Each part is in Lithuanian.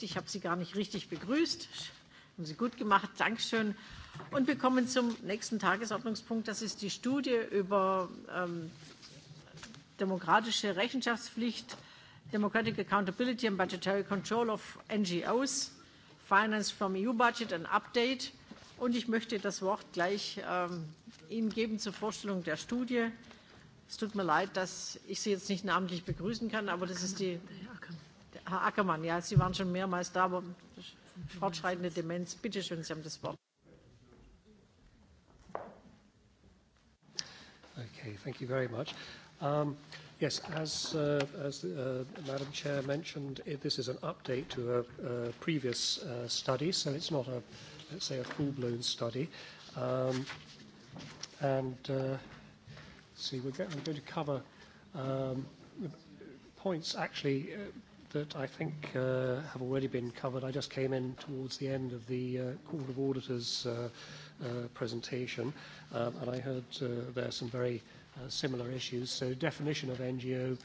Ich habe Sie gar nicht richtig begrüßt. Haben Sie gut gemacht. Dankeschön. Und wir kommen zum nächsten Tagesordnungspunkt. Das ist die Studie über ähm, demokratische Rechenschaftspflicht, Democratic Accountability and Budgetary Control of NGOs, Finance from EU Budget, an Update. Und ich möchte das Wort gleich ähm, Ihnen geben zur Vorstellung der Studie. Es tut mir leid, dass ich Sie jetzt nicht namentlich begrüßen kann, aber das ist die Herr Ackermann, ja, Sie waren schon mehrmals da, aber fortschreitende Demenz. Bitte schön, Sie haben das Wort. Okay, thank you very much. Um, yes, as, uh, as uh, Madam Chair mentioned, it, this is an update to a, a previous uh, study, so it's not a, let's say, a full-blown study. Um, and uh, see, we're go I'm going to cover um, points actually uh, that I think uh, have already been covered. I just came in towards the end of the uh, Court of Auditors uh, uh, presentation, um, and I heard uh, there are some very uh, similar issues. So definition of NGO,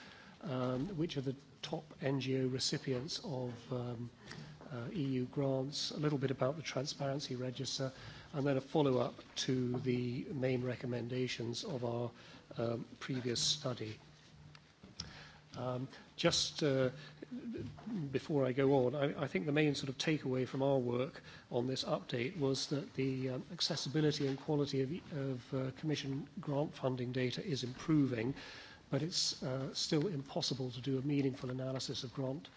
um, which are the top NGO recipients of um, uh, EU grants, a little bit about the transparency register, and then a follow-up to the main recommendations of our um, previous study. Um, just uh, before I go on, I, I think the main sort of takeaway from our work on this update was that the um, accessibility and quality of, of uh, Commission grant funding data is improving, but it's uh, still impossible to do a meaningful analysis of grant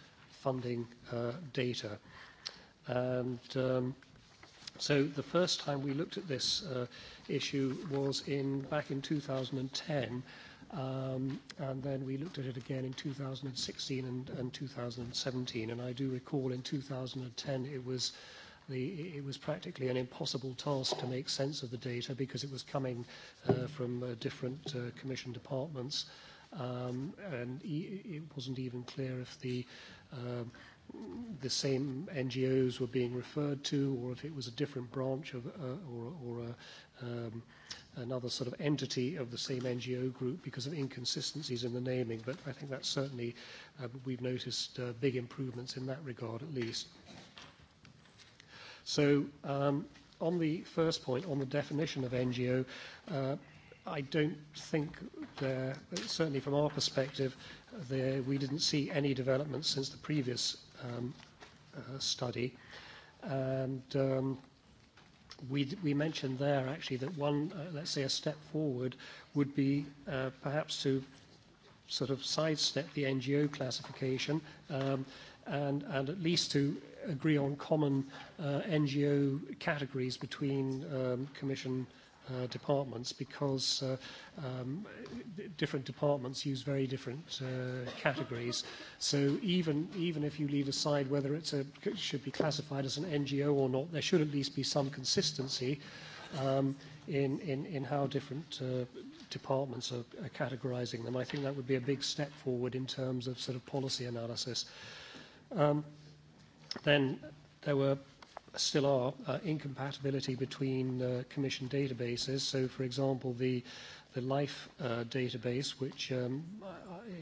funding uh, data. And um, so the first time we looked at this uh, issue was in back in 2010 Um, and then we looked at it again in 2016 and, and 2017. And I do recall in 2010 it was the, it was practically an impossible task to make sense of the data because it was coming uh, from uh, different uh, commission departments. Um, and e it wasn't even clear if the uh, the same NGOs were being referred to, or if it was a different branch of, uh, or, or a, um, another sort of entity of the same NGO group because of inconsistencies in the naming, but I think that's certainly, uh, we've noticed uh, big improvements in that regard at least. So um, on the first point, on the definition of NGO, uh, I don't think there, certainly from our perspective, there, we didn't see any development since the previous um, uh, study. And um, we, we mentioned there actually that one, uh, let's say, a step forward would be uh, perhaps to sort of sidestep the NGO classification um, and, and at least to agree on common uh, NGO categories between um, Commission uh, uh, departments because uh, um, different departments use very different uh, categories. So even, even if you leave aside whether it's a, it should be classified as an NGO or not, there should at least be some consistency um, in, in, in how different uh, departments are, are categorizing them. I think that would be a big step forward in terms of sort of policy analysis. Um, then there were still are uh, incompatibility between uh, commission databases. So, for example, the the life uh, database, which um,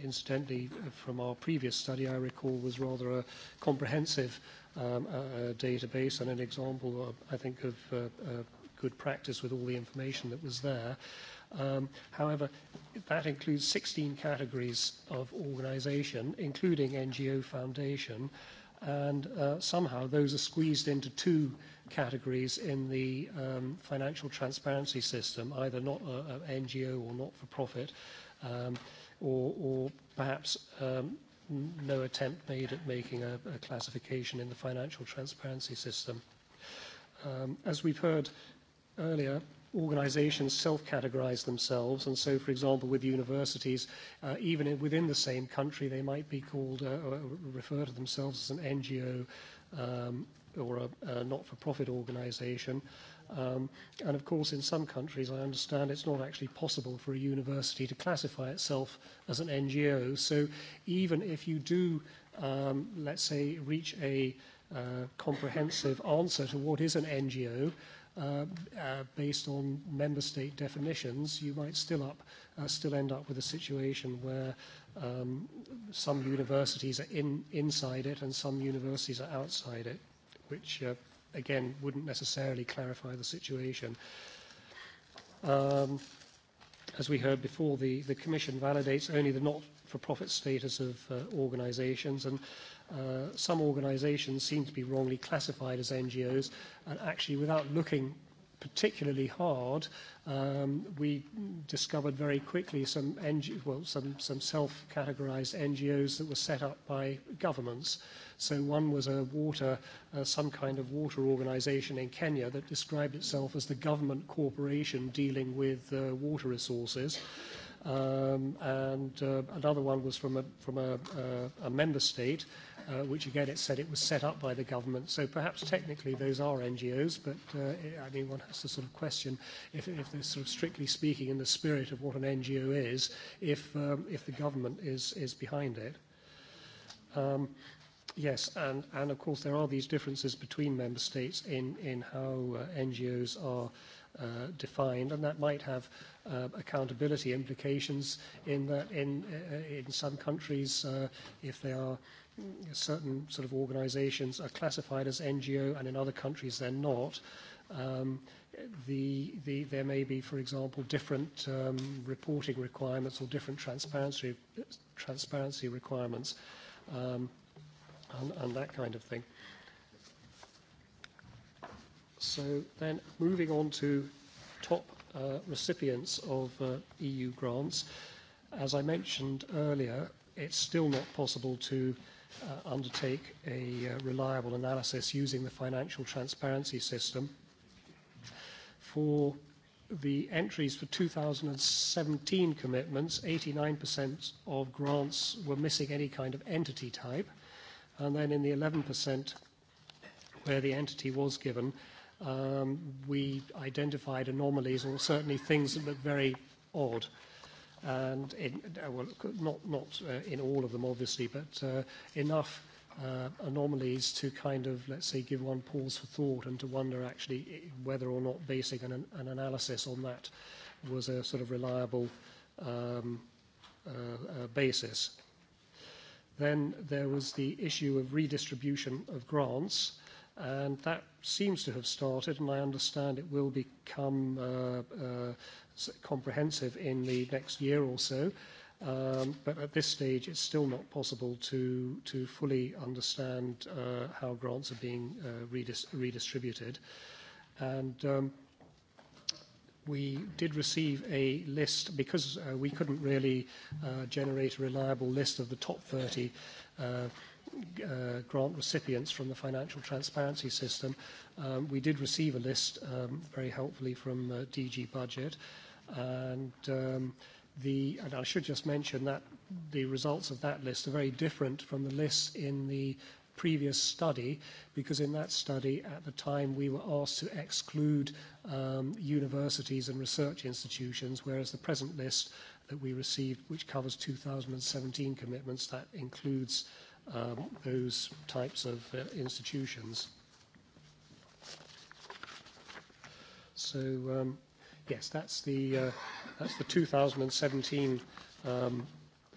incidentally uh, from our previous study I recall was rather a comprehensive um, uh, uh database and an example, of, uh, I think, of uh, uh, good practice with all the information that was there. Um, however, that includes 16 categories of organization, including NGO foundation, uh, and uh, somehow those are squeezed into two categories in the um, financial transparency system, either not an NGO or not for profit, um, or, or perhaps um, no attempt made at making a, a classification in the financial transparency system. Um, as we've heard earlier, organizations self-categorize themselves. And so, for example, with universities, uh, even in, within the same country, they might be called, uh, or refer to themselves as an NGO um, or a, a not-for-profit organization. Um, and of course, in some countries, I understand it's not actually possible for a university to classify itself as an NGO. So even if you do, um, let's say, reach a uh, comprehensive answer to what is an NGO, uh, uh, based on member state definitions, you might still up uh, still end up with a situation where um, some universities are in inside it and some universities are outside it, which uh, again wouldn't necessarily clarify the situation. Um, as we heard before, the, the Commission validates only the not-for-profit status of uh, organisations, and uh, uh, some organizations seem to be wrongly classified as NGOs, and actually, without looking particularly hard, um, we discovered very quickly some NG- well, some, some self-categorized NGOs that were set up by governments. So one was a water, uh, some kind of water organization in Kenya that described itself as the government corporation dealing with uh, water resources. Um, and uh, another one was from a, from a, uh, a member state uh, which again it said it was set up by the government. So perhaps technically those are NGOs, but uh, it, I mean one has to sort of question if, if they're sort of strictly speaking in the spirit of what an NGO is, if um, if the government is is behind it. Um, yes, and and of course there are these differences between member states in in how uh, NGOs are. Uh, defined, and that might have uh, accountability implications in that in uh, in some countries, uh, if they are uh, certain sort of organizations are classified as NGO and in other countries they're not. Um, the, the, there may be, for example, different um, reporting requirements or different transparency, transparency requirements um, and, and that kind of thing. So then moving on to top uh, recipients of uh, EU grants. As I mentioned earlier, it's still not possible to uh, uh, undertake a uh, reliable analysis using the financial transparency system. For the entries for 2017 commitments, 89% of grants were missing any kind of entity type. And then in the 11% where the entity was given, um, we identified anomalies or certainly things that looked very odd. Uh, and in, uh, well, not, not uh, in all of them, obviously, but uh, enough uh, anomalies to kind of, let's say, give one pause for thought and to wonder actually whether or not basing an, an analysis on that was a sort of reliable um, uh, uh, basis. Then there was the issue of redistribution of grants. Uh, and that seems to have started, and I understand it will become uh, uh, comprehensive in the next year or so. Um, but at this stage, it's still not possible to, to fully understand uh, how grants are being uh, redis redistributed. And um, we did receive a list because uh, we couldn't really uh, generate a reliable list of the top 30 uh, uh, grant recipients from the financial transparency system. Um, we did receive a list um, very helpfully from uh, DG Budget. And, um, the, and I should just mention that the results of that list are very different from the lists in the previous study because in that study at the time we were asked to exclude um, universities and research institutions whereas the present list that we received which covers 2017 commitments that includes um, those types of uh, institutions. So um, yes, that's the uh, that's the 2017 um,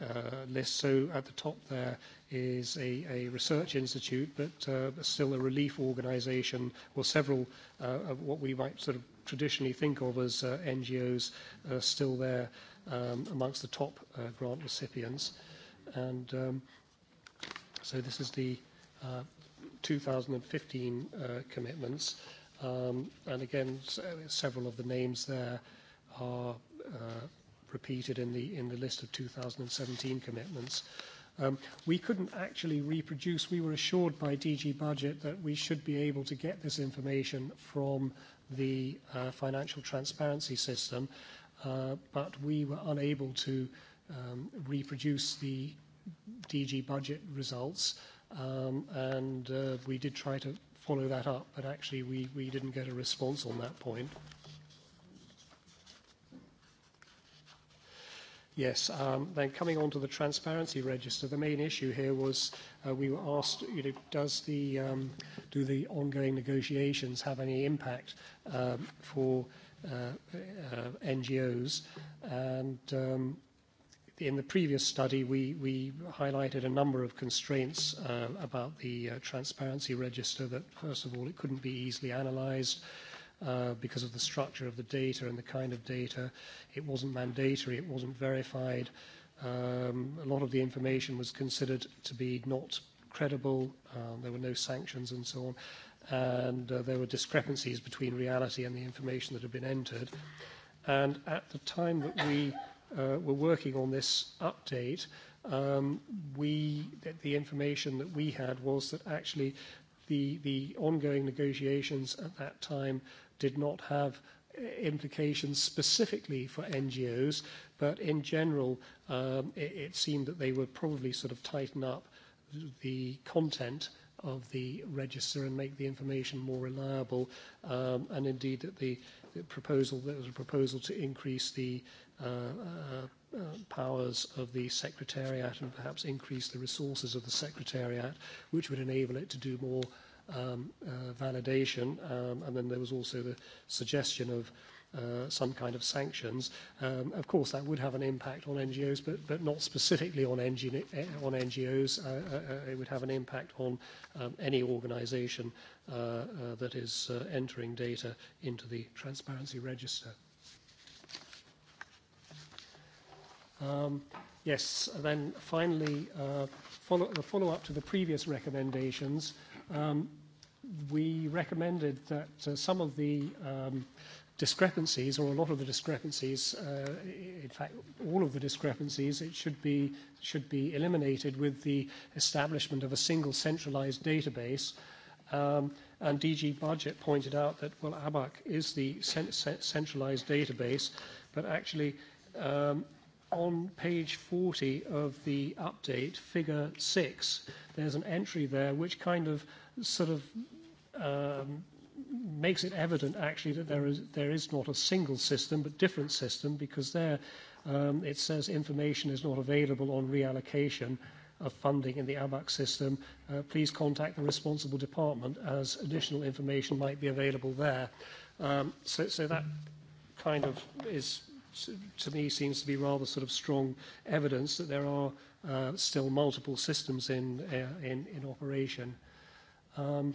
uh, list. So at the top there is a, a research institute, but uh, still a relief organisation, or several uh, of what we might sort of traditionally think of as uh, NGOs uh, still there um, amongst the top uh, grant recipients. And um, So this is the uh, 2015 uh, commitments. Um, and again, so uh, several of the names there are uh, repeated in the, in the list of 2017 commitments. Um, we couldn't actually reproduce. We were assured by DG Budget that we should be able to get this information from the uh, financial transparency system, uh, but we were unable to um, reproduce the DG budget results. Um, and uh, we did try to follow that up, but actually we, we didn't get a response on that point. Yes. Um, then coming on to the transparency register, the main issue here was uh, we were asked, you know, does the um, do the ongoing negotiations have any impact um, for uh, uh, NGOs? And um, in the previous study, we, we highlighted a number of constraints uh, about the uh, transparency register that, first of all, it couldn't be easily analyzed uh, because of the structure of the data and the kind of data. It wasn't mandatory. It wasn't verified. Um, a lot of the information was considered to be not credible. Um, there were no sanctions and so on. And uh, there were discrepancies between reality and the information that had been entered. And at the time that we uh, were working on this update, um, we, the information that we had was that actually the, the ongoing negotiations at that time did not have uh, implications specifically for NGOs, but in general, um, it, it seemed that they would probably sort of tighten up the content of the register and make the information more reliable, um, and indeed that the, the proposal, there was a proposal to increase the Uh, uh, uh, powers of the Secretariat and perhaps increase the resources of the Secretariat, which would enable it to do more um, uh, validation. Um, and then there was also the suggestion of uh, some kind of sanctions. Um, of course, that would have an impact on NGOs, but, but not specifically on, NG, eh, on NGOs. Uh, uh, it would have an impact on um, any organization uh, uh, that is uh, entering data into the transparency register. Um, yes, and then finally, uh, follow, the follow-up to the previous recommendations. Um, we recommended that uh, some of the um, discrepancies, or a lot of the discrepancies, uh, in fact, all of the discrepancies, it should be, should be eliminated with the establishment of a single centralized database. Um, and DG Budget pointed out that, well, ABAC is the cent- centralized database, but actually um, on page 40 of the update, figure 6, there's an entry there which kind of sort of um, makes it evident actually that there is, there is not a single system but different system because there um, it says information is not available on reallocation of funding in the ABAC system. Uh, please contact the responsible department as additional information might be available there. Um, so, so that kind of is to me seems to be rather sort of strong evidence that there are uh, still multiple systems in, uh, in, in operation. Um,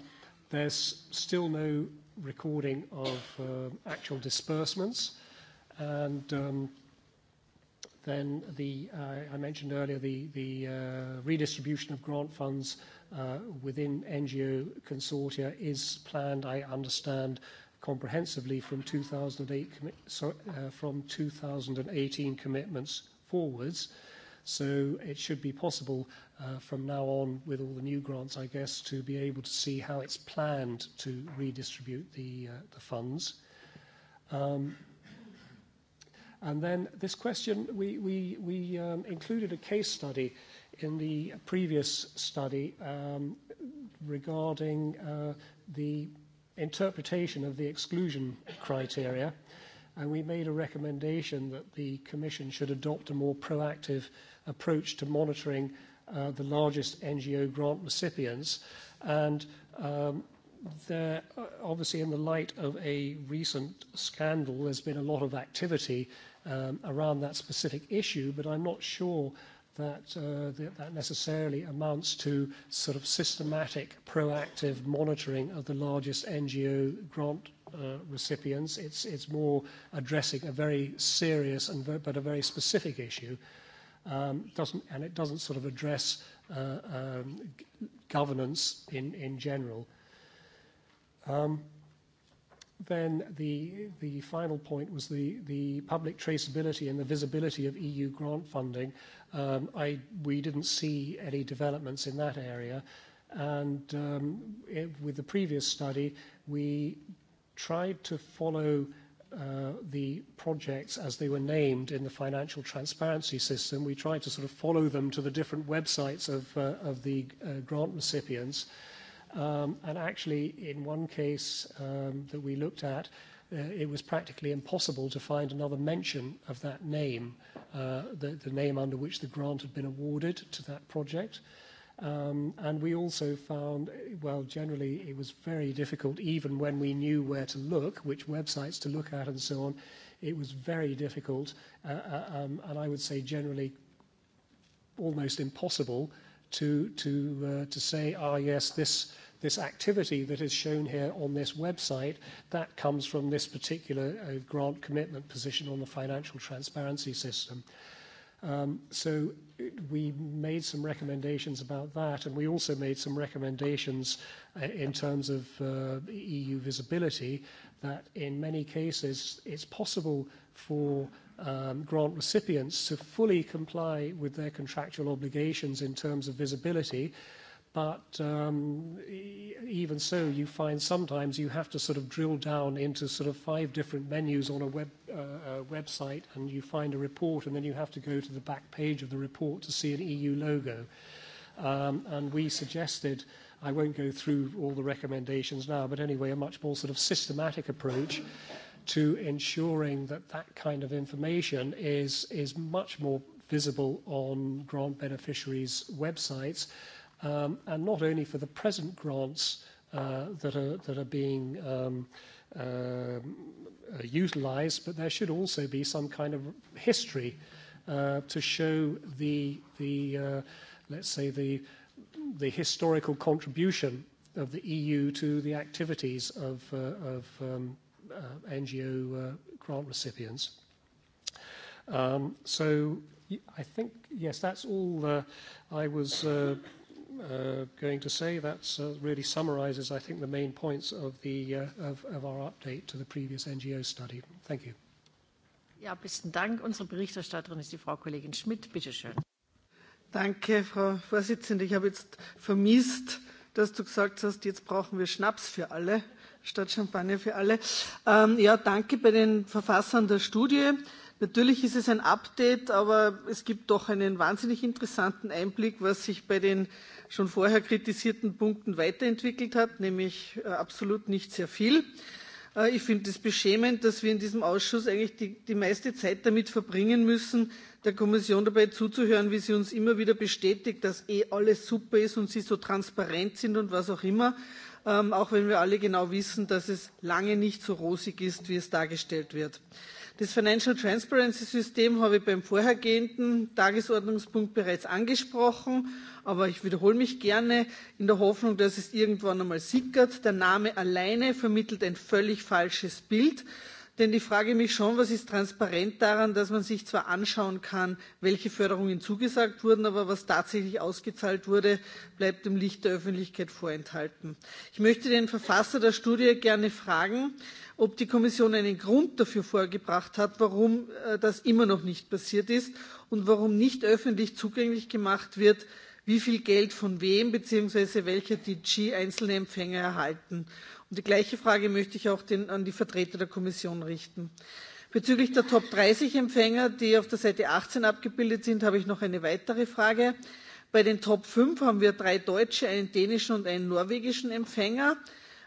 there's still no recording of uh, actual disbursements. And um, then the, uh, I mentioned earlier the, the uh, redistribution of grant funds uh, within NGO consortia is planned, I understand, comprehensively from 2008, so, uh, from 2018 commitments forwards. So it should be possible uh, from now on with all the new grants, I guess, to be able to see how it's planned to redistribute the, uh, the funds. Um, and then this question, we, we, we um, included a case study in the previous study um, regarding uh, the interpretation of the exclusion criteria, and we made a recommendation that the Commission should adopt a more proactive approach to monitoring uh, the largest NGO grant recipients. And um, there, uh, obviously, in the light of a recent scandal, there's been a lot of activity um, around that specific issue, but I'm not sure that, uh, that, that necessarily amounts to sort of systematic, proactive monitoring of the largest NGO grant uh, recipients. It's, it's more addressing a very serious and very, but a very specific issue. Um, doesn't, and it doesn't sort of address uh, um, governance in, in general. Um, Then the, the final point was the, the public traceability and the visibility of EU grant funding. Um, I, we didn't see any developments in that area. And um, it, with the previous study, we tried to follow uh, the projects as they were named in the financial transparency system. We tried to sort of follow them to the different websites of, uh, of the uh, grant recipients. Uh, Um, and actually, in one case um, that we looked at, uh, it was practically impossible to find another mention of that name, uh, the, the name under which the grant had been awarded to that project. Um, and we also found, well, generally it was very difficult, even when we knew where to look, which websites to look at and so on, it was very difficult, uh, uh um, and I would say generally almost impossible to, to, uh, to say, ah, yes, this, this activity that is shown here on this website, that comes from this particular uh, grant commitment position on the financial transparency system. Um, so it, we made some recommendations about that, and we also made some recommendations uh, in terms of uh, EU visibility that in many cases it's possible for um, grant recipients to fully comply with their contractual obligations in terms of visibility. But um, e even so, you find sometimes you have to sort of drill down into sort of five different menus on a web uh, a uh, website, and you find a report, and then you have to go to the back page of the report to see an EU logo. Um, and we suggested, I won't go through all the recommendations now, but anyway, a much more sort of systematic approach to ensuring that that kind of information is, is much more visible on grant beneficiaries' websites, um, and not only for the present grants uh, that, are, that are being um, uh, utilized, but there should also be some kind of history uh, to show the, the uh, let's say, the, the historical contribution of the EU to the activities of, uh, of um, uh, NGO uh, grant recipients. Um, so I think, yes, that's all uh, I was uh, uh, going to say. That uh, really summarizes, I think, the main points of, the, uh, of, of our update to the previous NGO study. Thank you. Ja, besten Dank. Unsere Berichterstatterin ist die Frau Kollegin Schmidt. Bitte schön. Danke, Frau Vorsitzende. Ich habe jetzt vermisst, dass du gesagt hast, jetzt brauchen wir Schnaps für alle statt Champagner für alle. Ähm, ja, danke bei den Verfassern der Studie. Natürlich ist es ein Update, aber es gibt doch einen wahnsinnig interessanten Einblick, was sich bei den schon vorher kritisierten Punkten weiterentwickelt hat, nämlich äh, absolut nicht sehr viel. Äh, ich finde es beschämend, dass wir in diesem Ausschuss eigentlich die, die meiste Zeit damit verbringen müssen, der Kommission dabei zuzuhören, wie sie uns immer wieder bestätigt, dass eh alles super ist und sie so transparent sind und was auch immer ähm, auch wenn wir alle genau wissen, dass es lange nicht so rosig ist, wie es dargestellt wird. Das Financial Transparency System habe ich beim vorhergehenden Tagesordnungspunkt bereits angesprochen, aber ich wiederhole mich gerne in der Hoffnung, dass es irgendwann einmal sickert. Der Name alleine vermittelt ein völlig falsches Bild denn ich frage mich schon was ist transparent daran dass man sich zwar anschauen kann welche förderungen zugesagt wurden aber was tatsächlich ausgezahlt wurde bleibt dem licht der öffentlichkeit vorenthalten. ich möchte den verfasser der studie gerne fragen ob die kommission einen grund dafür vorgebracht hat warum äh, das immer noch nicht passiert ist und warum nicht öffentlich zugänglich gemacht wird wie viel geld von wem beziehungsweise welcher dg einzelne empfänger erhalten. Die gleiche Frage möchte ich auch den, an die Vertreter der Kommission richten. Bezüglich der Top 30 Empfänger, die auf der Seite 18 abgebildet sind, habe ich noch eine weitere Frage. Bei den Top 5 haben wir drei deutsche, einen dänischen und einen norwegischen Empfänger.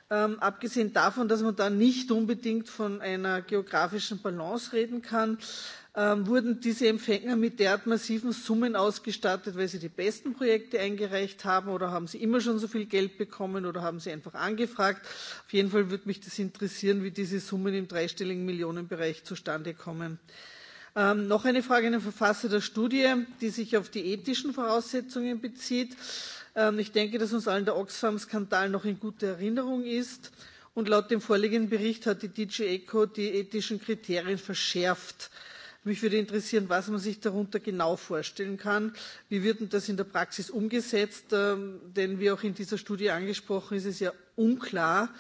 Ähm, abgesehen davon, dass man da nicht unbedingt von einer geografischen Balance reden kann, ähm, wurden diese Empfänger mit derart massiven Summen ausgestattet, weil sie die besten Projekte eingereicht haben oder haben sie immer schon so viel Geld bekommen oder haben sie einfach angefragt. Auf jeden Fall würde mich das interessieren, wie diese Summen im dreistelligen Millionenbereich zustande kommen. Ähm, noch eine Frage an den Verfasser der Studie, die sich auf die ethischen Voraussetzungen bezieht. Ähm, ich denke, dass uns allen der Oxfam-Skandal noch in guter Erinnerung ist. Und laut dem vorliegenden Bericht hat die DG ECO die ethischen Kriterien verschärft. Äh, Mich würde interessieren, was man sich darunter genau vorstellen kann. Wie wird denn das in der Praxis umgesetzt? Ähm, denn wie auch in dieser Studie angesprochen, ist es ja unklar,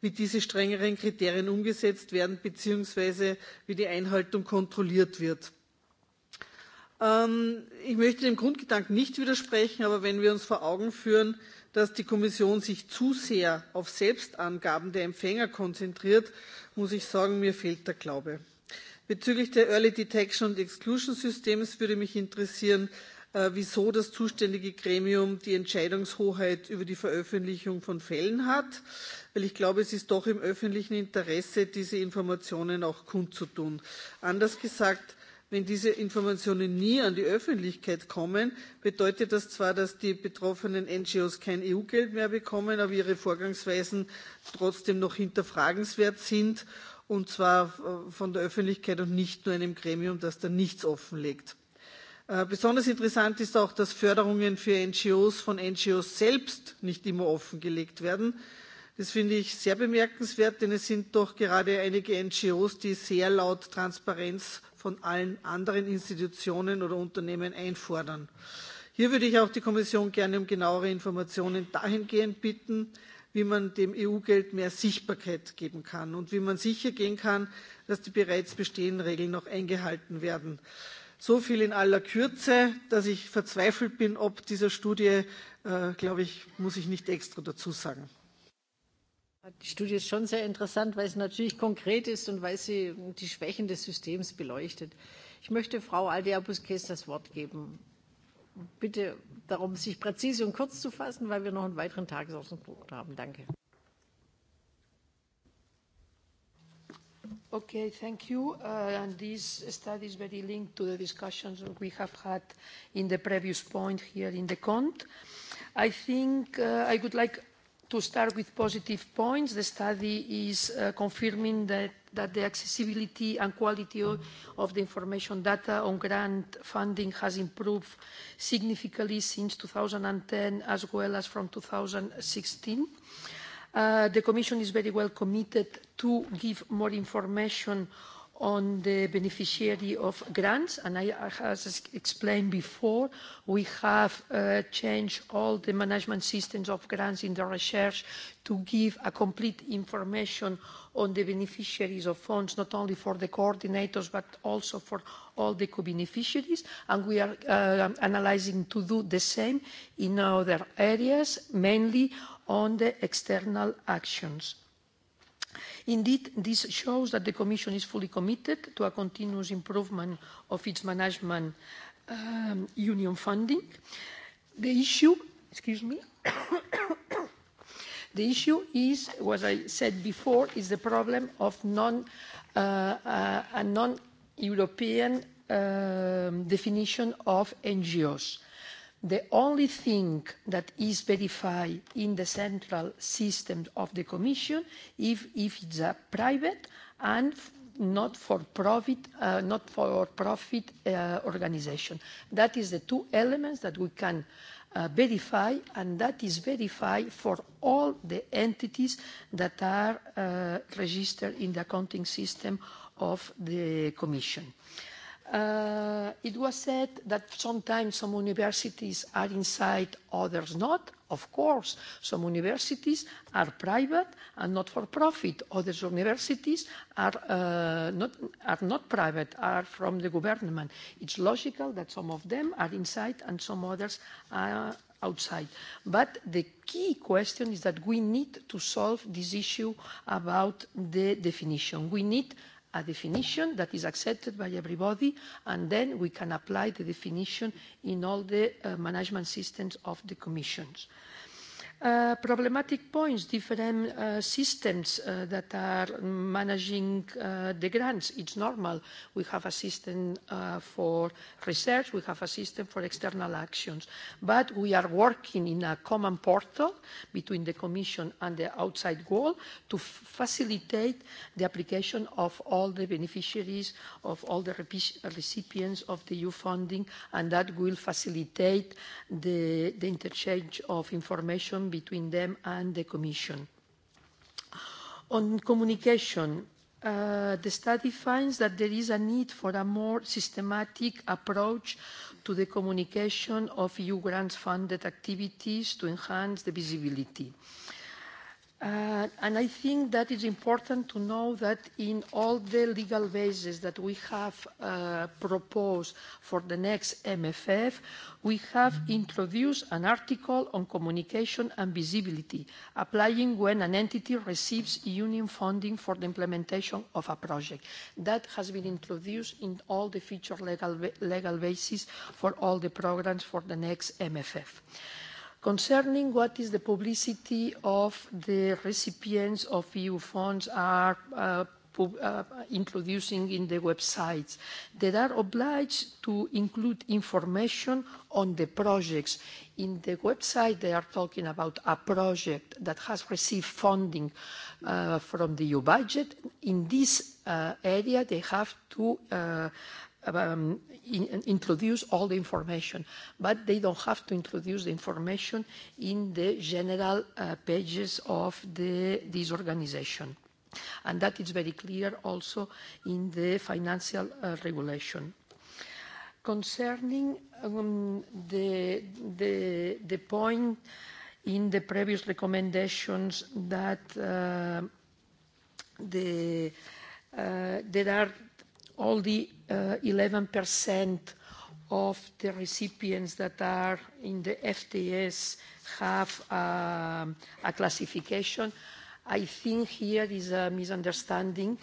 wie diese strengeren Kriterien umgesetzt werden bzw. wie die Einhaltung kontrolliert wird. Ähm, ich möchte dem Grundgedanken nicht widersprechen, aber wenn wir uns vor Augen führen, dass die Kommission sich zu sehr auf Selbstangaben der Empfänger konzentriert, muss ich sagen, mir fehlt der Glaube. Bezüglich der Early Detection und Exclusion Systems würde mich interessieren, äh, wieso das zuständige Gremium die Entscheidungshoheit über die Veröffentlichung von Fällen hat, weil ich glaube, es ist doch im öffentlichen Interesse, diese Informationen auch kundzutun. Anders gesagt, wenn diese Informationen nie an die Öffentlichkeit kommen, bedeutet das zwar, dass die betroffenen NGOs kein EU-Geld mehr bekommen, aber ihre Vorgangsweisen trotzdem noch hinterfragenswert sind und zwar äh, von der Öffentlichkeit und nicht nur einem Gremium, das da nichts offenlegt. Äh, besonders interessant ist auch, dass Förderungen für NGOs von NGOs selbst nicht immer offengelegt werden. Das finde ich sehr bemerkenswert, denn es sind doch gerade einige NGOs, die sehr laut Transparenz von allen anderen Institutionen oder Unternehmen einfordern. Hier würde ich auch die Kommission gerne um genauere Informationen dahingehend bitten, äh, wie man dem EU-Geld mehr Sichtbarkeit geben kann und wie man sichergehen kann, dass die bereits bestehenden Regeln noch eingehalten werden. So viel in aller Kürze, dass ich verzweifelt bin, ob dieser Studie, äh, glaube ich, muss ich nicht extra dazu sagen. Die Studie ist schon sehr interessant, weil sie natürlich konkret ist und weil sie die Schwächen des Systems beleuchtet. Ich möchte Frau Aldea Busquets das Wort geben bitte darum, sich präzise und kurz zu fassen, weil wir noch einen weiteren Tagesordnungspunkt haben. Danke. Okay, thank you. Uh, and this study is very linked to the discussions we have had in the previous point here in the CONT. I think uh, I would like to start with positive points, the study is uh, confirming that, that the accessibility and quality of, of the information data on grant funding has improved significantly since 2010 as well as from 2016. Uh, the Commission is very well committed to give more information on the beneficiary of grants, and I, as explained before, we have uh, changed all the management systems of grants in the research to give a complete information on the beneficiaries of funds, not only for the coordinators, but also for all the co-beneficiaries. And we are uh, analyzing to do the same in other areas, mainly on the external actions indeed this shows that the commission is fully committed to a continuous improvement of its management um, union funding. the issue excuse me the issue is what i said before is the problem of non uh, uh, a non european um, definition of ngos the only thing that is verified in the central system of the commission if, if it's a private and not for profit uh, not for profit uh, organization that is the two elements that we can uh, verify and that is verified for all the entities that are uh, registered in the accounting system of the commission uh, Uh, it was said that sometimes some universities are inside, others not. Of course, some universities are private and not for profit. Other universities are, uh, not, are not private, are from the government. It's logical that some of them are inside and some others are outside. But the key question is that we need to solve this issue about the definition. We need a definition that is accepted by everybody, and then we can apply the definition in all the uh, management systems of the commissions. Uh, Uh, problematic points, different uh, systems uh, that are managing uh, the grants. It's normal. We have a system uh, for research, we have a system for external actions, but we are working in a common portal between the Commission and the outside world to facilitate the application of all the beneficiaries, of all the recipients of the EU funding, and that will facilitate the, the interchange of information cooperation between them and the Commission. On communication, uh, the study finds that there is a need for a more systematic approach to the communication of EU grants funded activities to enhance the visibility. Uh, Uh, and I think that it's important to know that in all the legal bases that we have uh, proposed for the next MFF, we have introduced an article on communication and visibility, applying when an entity receives union funding for the implementation of a project. That has been introduced in all the future legal, legal bases for all the programs for the next MFF. Uh, concerning what is the publicity of the recipients of eu funds are uh, uh, introducing in the websites that are obliged to include information on the projects. In the website, they are talking about a project that has received funding uh, from the EU budget. In this uh, area, they have to uh, um, in, introduce all the information, but they don't have to introduce the information in the general uh, pages of the, this organization. And that is very clear also in the financial uh, regulation. Concerning um, the, the, the point in the previous recommendations that uh, the, uh, there are only uh, 11% of the recipients that are in the FTS have uh, a classification. I think here is a misunderstanding.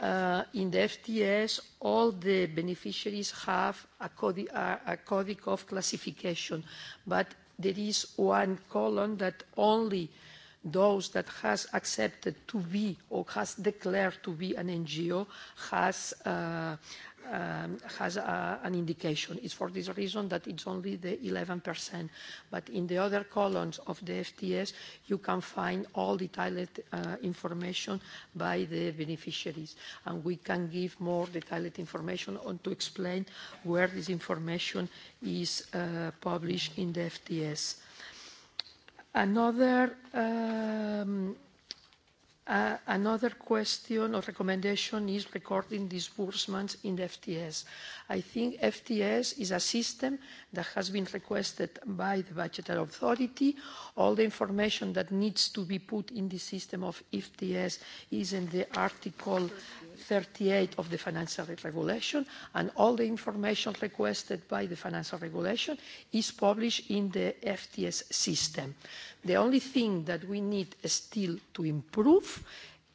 Uh, in the FTS, all the beneficiaries have a, codi a codic of classification, but there is one column that only uh, those that has accepted to be or has declared to be an NGO has uh, um, has a, uh, an indication. It's for this reason that it's only the 11%. But in the other columns of the FTS, you can find all detailed uh, information by the beneficiaries. And we can give more detailed information on to explain where this information is uh, published in the FTS. Another um, Uh, another question or recommendation is recording disbursements in the FTS. I think FTS is a system that has been requested by the budgetary authority. All the information that needs to be put in the system of FTS is in the Article 38 of the Financial Regulation, and all the information requested by the Financial Regulation is published in the FTS system. The only thing that we need still to improve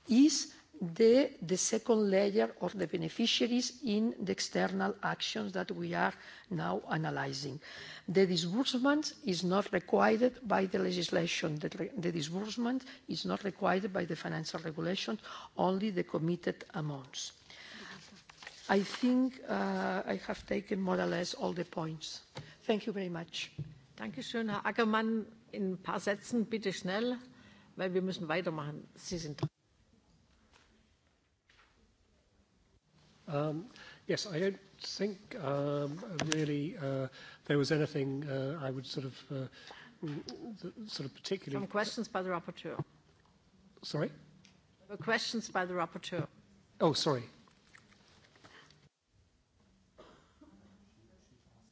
is the, the second layer of the beneficiaries in the external actions that we are now analyzing. The disbursement is not required by the legislation. The, the disbursement is not required by the financial regulation, only the committed amounts. I think uh, I have taken more or less all the points. Thank you very much. Dankeschön, Herr Ackermann in ein paar Sätzen, bitte schnell, weil wir müssen weitermachen. Sie sind dran. Um, yes, I don't think um, really uh, there was anything uh, I would sort of, uh, sort of particularly. Some questions by the rapporteur. Sorry? There were questions by the rapporteur. Oh, sorry.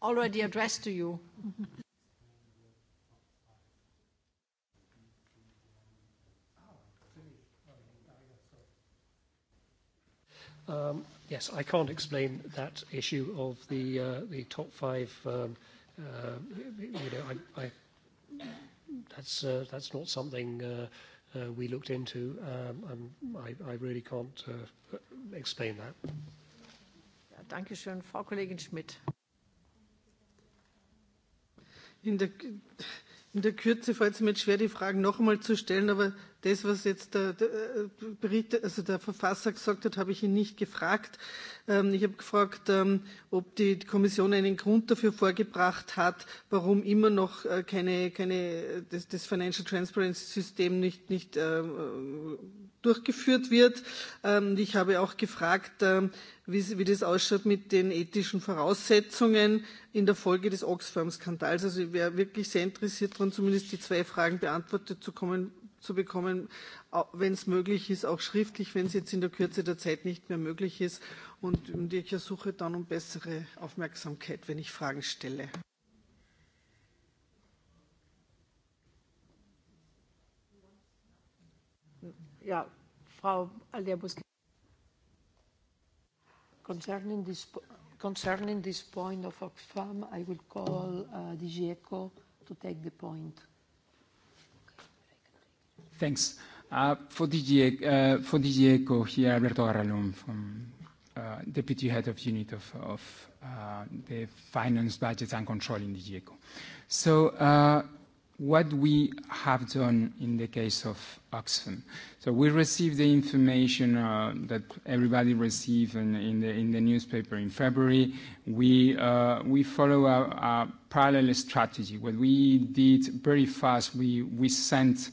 Already addressed to you. Um, yes, I can't explain that issue of the uh, the top five. Um, uh, you know, I, I, that's uh, that's not something uh, uh, we looked into. Um, I'm, um, I, I really can't uh, explain that. Ja, danke schön, Frau Kollegin Schmidt. In der, in der Kürze fällt es mir jetzt schwer, die Fragen noch einmal zu stellen, aber das, was jetzt der, der, äh, Bericht, also der Verfasser gesagt hat, habe ich ihn nicht gefragt. Ähm, ich habe gefragt, ähm, ob die Kommission einen Grund dafür vorgebracht hat, warum immer noch äh, keine, keine, das, das Financial Transparency System nicht, nicht äh, durchgeführt wird. Ähm, ich habe auch gefragt, ähm, wie, wie das ausschaut mit den ethischen Voraussetzungen in der Folge des Oxfam-Skandals. Also ich wäre wirklich sehr interessiert daran, zumindest die zwei Fragen beantwortet zu kommen, zu bekommen, wenn es möglich ist, auch schriftlich, wenn es jetzt in der Kürze der Zeit nicht mehr möglich ist. Und, und ich ersuche dann um bessere Aufmerksamkeit, wenn ich Fragen stelle. Ja, Frau Alderbus. Concerning this, concerning this point of Oxfam, I will call uh, DG ECO to take the point. Thanks. Uh, for DG uh, ECO here, Alberto Garralón from uh, Deputy Head of Unit of, of uh, the Finance, Budget, and Control in DG ECO. So, uh, what we have done in the case of Oxfam. So we received the information uh, that everybody received in, in, the, in the newspaper in February. We, uh, we follow a, a parallel strategy. What we did very fast, we, we sent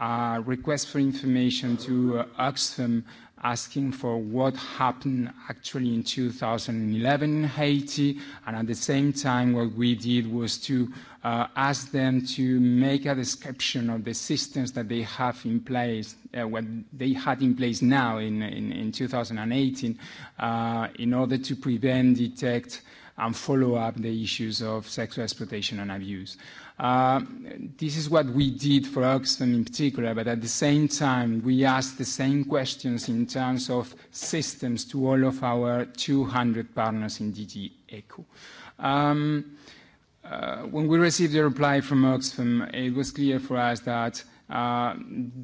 uh, request for information to uh, Oxfam asking for what happened actually in 2011 in Haiti. And at the same time, what we did was to uh, ask them to make a description of the systems that they have in place, uh, what they had in place now in, in, in 2018, uh, in order to prevent, detect, and follow up the issues of sexual exploitation and abuse. Uh, Uh, this is what we did for Oxfam in particular, but at the same time, we asked the same questions in terms of systems to all of our 200 partners in DG ECHO. Um, uh, when we received the reply from Oxfam, it was clear for us that uh, uh,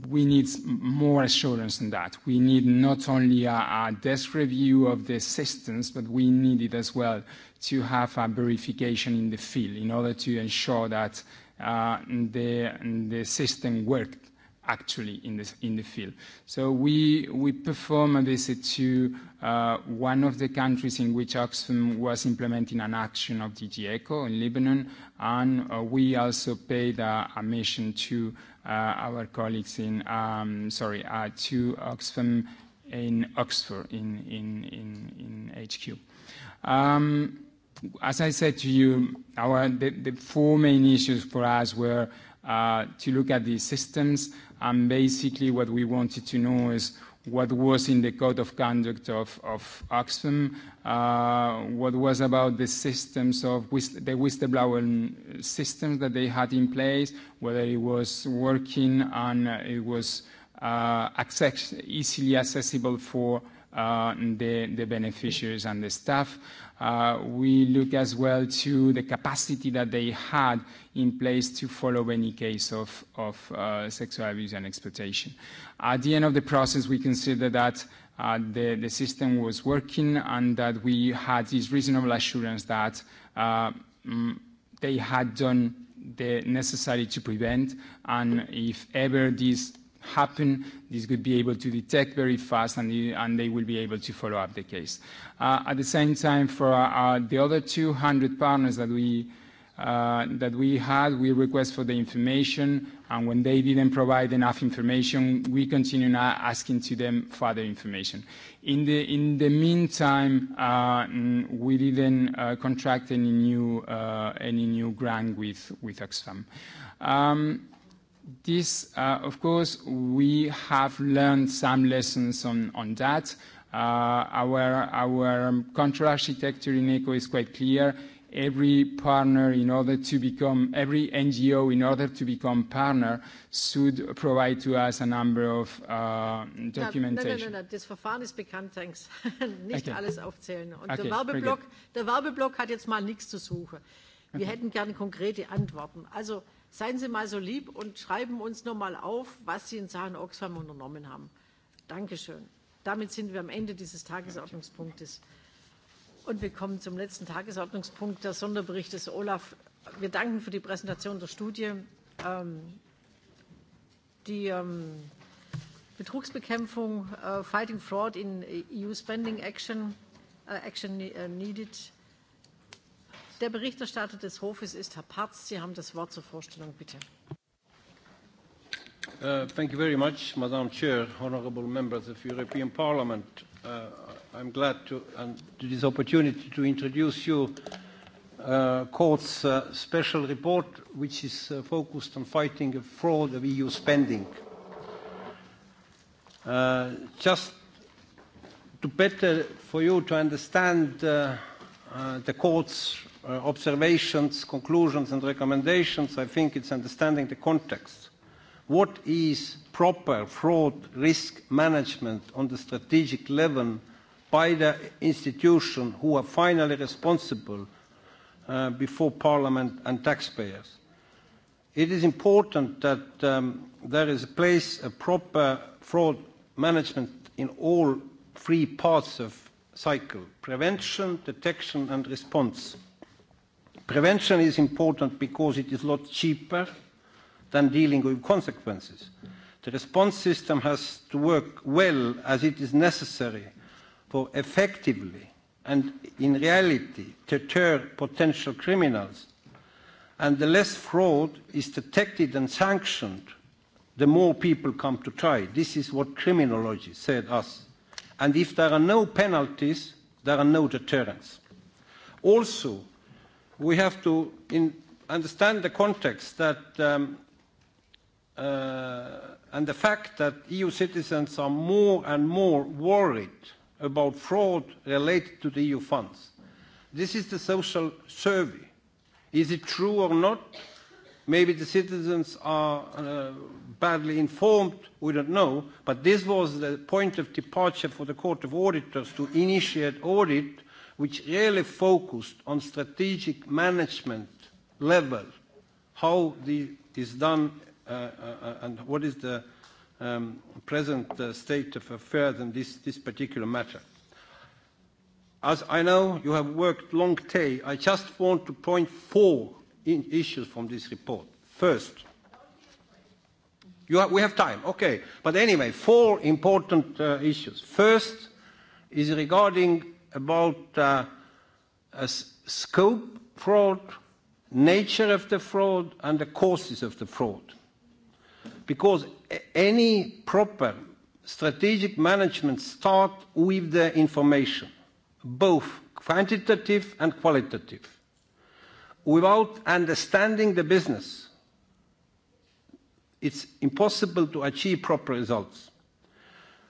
we need more assurance on that. We need not only a, a desk review of the systems, but we need it as well to have a verification in the field in order to ensure that uh, the, the system worked actually in, this, in the field. So we, we performed a visit to uh, one of the countries in which Oxfam was implementing an action of DG ECHO in Lebanon, and uh, we also paid uh, a mission to uh, our colleagues in, um, sorry, uh, to Oxfam in Oxford, in, in, in, in HQ. Um, as I said to you, our, the, the four main issues for us were Uh, to look at the systems. And basically, what we wanted to know is what was in the code of conduct of, of Oxfam, uh, what was about the systems of the whistleblower systems that they had in place, whether it was working and it was uh, access, easily accessible for uh, the, the beneficiaries and the staff. Uh, Uh, we look as well to the capacity that they had in place to follow any case of uh, sexual abuse and exploitation. At the end of the process, we consider that uh, the system was working and that we had this reasonable assurance that mm, they had done the necessary to prevent, and if ever this happen, this could be able to detect very fast, and, you, and they will be able to follow up the case. Uh, at the same time, for our, the other 200 partners that we uh, that we had, we request for the information, and when they didn't provide enough information, we continue now asking to them further information. In the, in the meantime, uh, we didn't uh, contract any new, uh, any new grant with, with Oxfam. Um, This, uh, of course, we have learned some lessons on, on that. Uh, our, our um, control architecture in ECO is quite clear. Every partner, in order to become every NGO, in order to become partner, should provide to us a number of uh, documentation. Nein, nein, nein, das Verfahren ist bekannt, thanks. Nicht okay. alles aufzählen. Und okay, der Werbeblock, der Werbeblock hat jetzt mal nichts zu suchen. Wir okay. hätten gerne konkrete Antworten. Also, Seien Sie mal so lieb und schreiben uns nochmal auf, was Sie in Sachen Oxfam unternommen haben. Dankeschön. Damit sind wir am Ende dieses Tagesordnungspunktes. Und wir kommen zum letzten Tagesordnungspunkt, der Sonderbericht des Olaf. Wir danken für die Präsentation der Studie. Ähm, die ähm, Betrugsbekämpfung, äh, Fighting Fraud in EU Spending Action, äh, Action äh, Needed Der Berichterstatter des Hofes ist Herr Patz. Sie haben das Wort zur Vorstellung, bitte. Uh, thank you very much, Madam Chair, honorable members of European Parliament. Uh, I'm glad to, um, to this opportunity to introduce you uh, court's uh, special report, which is uh, focused on fighting fraud of EU spending. Uh, just to better for you to understand uh, uh, the court's uh, observations, conclusions and recommendations, I think it's understanding the context. What is proper fraud risk management on the strategic level by the institution who are finally responsible uh, before Parliament and taxpayers? It is important that um, there is a place a proper fraud management in all three parts of cycle, prevention, detection and response. Prevention is important because it is a lot cheaper than dealing with consequences. The response system has to work well as it is necessary for effectively and in reality deter potential criminals. And the less fraud is detected and sanctioned, the more people come to try. This is what criminology said us. And if there are no penalties, there are no deterrents. Also, we have to in, understand the context that um, uh, and the fact that EU citizens are more and more worried about fraud related to the EU funds. This is the social survey. Is it true or not? Maybe the citizens are uh, badly informed, we don't know, but this was the point of departure for the Court of Auditors to initiate audit which really focused on strategic management level, how the is done uh, uh, and what is the um, present uh, state of affairs in this, this particular matter. As I know you have worked long day, I just want to point four in issues from this report. First, you have, we have time, okay. But anyway, four important uh, issues. First is regarding about uh, uh, scope fraud, nature of the fraud, and the causes of the fraud. Because any proper strategic management start with the information, both quantitative and qualitative. Without understanding the business, it's impossible to achieve proper results.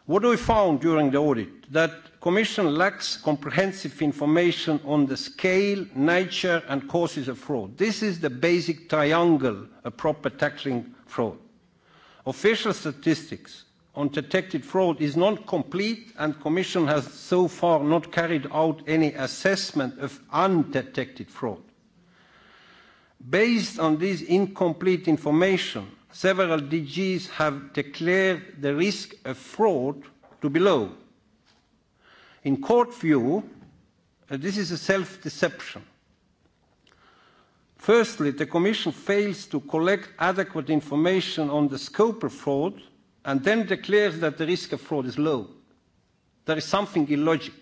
What we found during the audit that Commission lacks comprehensive information on the scale, nature and causes of fraud. This is the basic triangle of proper tackling fraud. Official statistics on detected fraud is not complete and Commission has so far not carried out any assessment of undetected fraud. Based on this incomplete information, several DGs have declared the risk of fraud to be low. In court view, uh, this is a self-deception. Firstly, the Commission fails to collect adequate information on the scope of fraud and then declares that the risk of fraud is low. There is something illogic.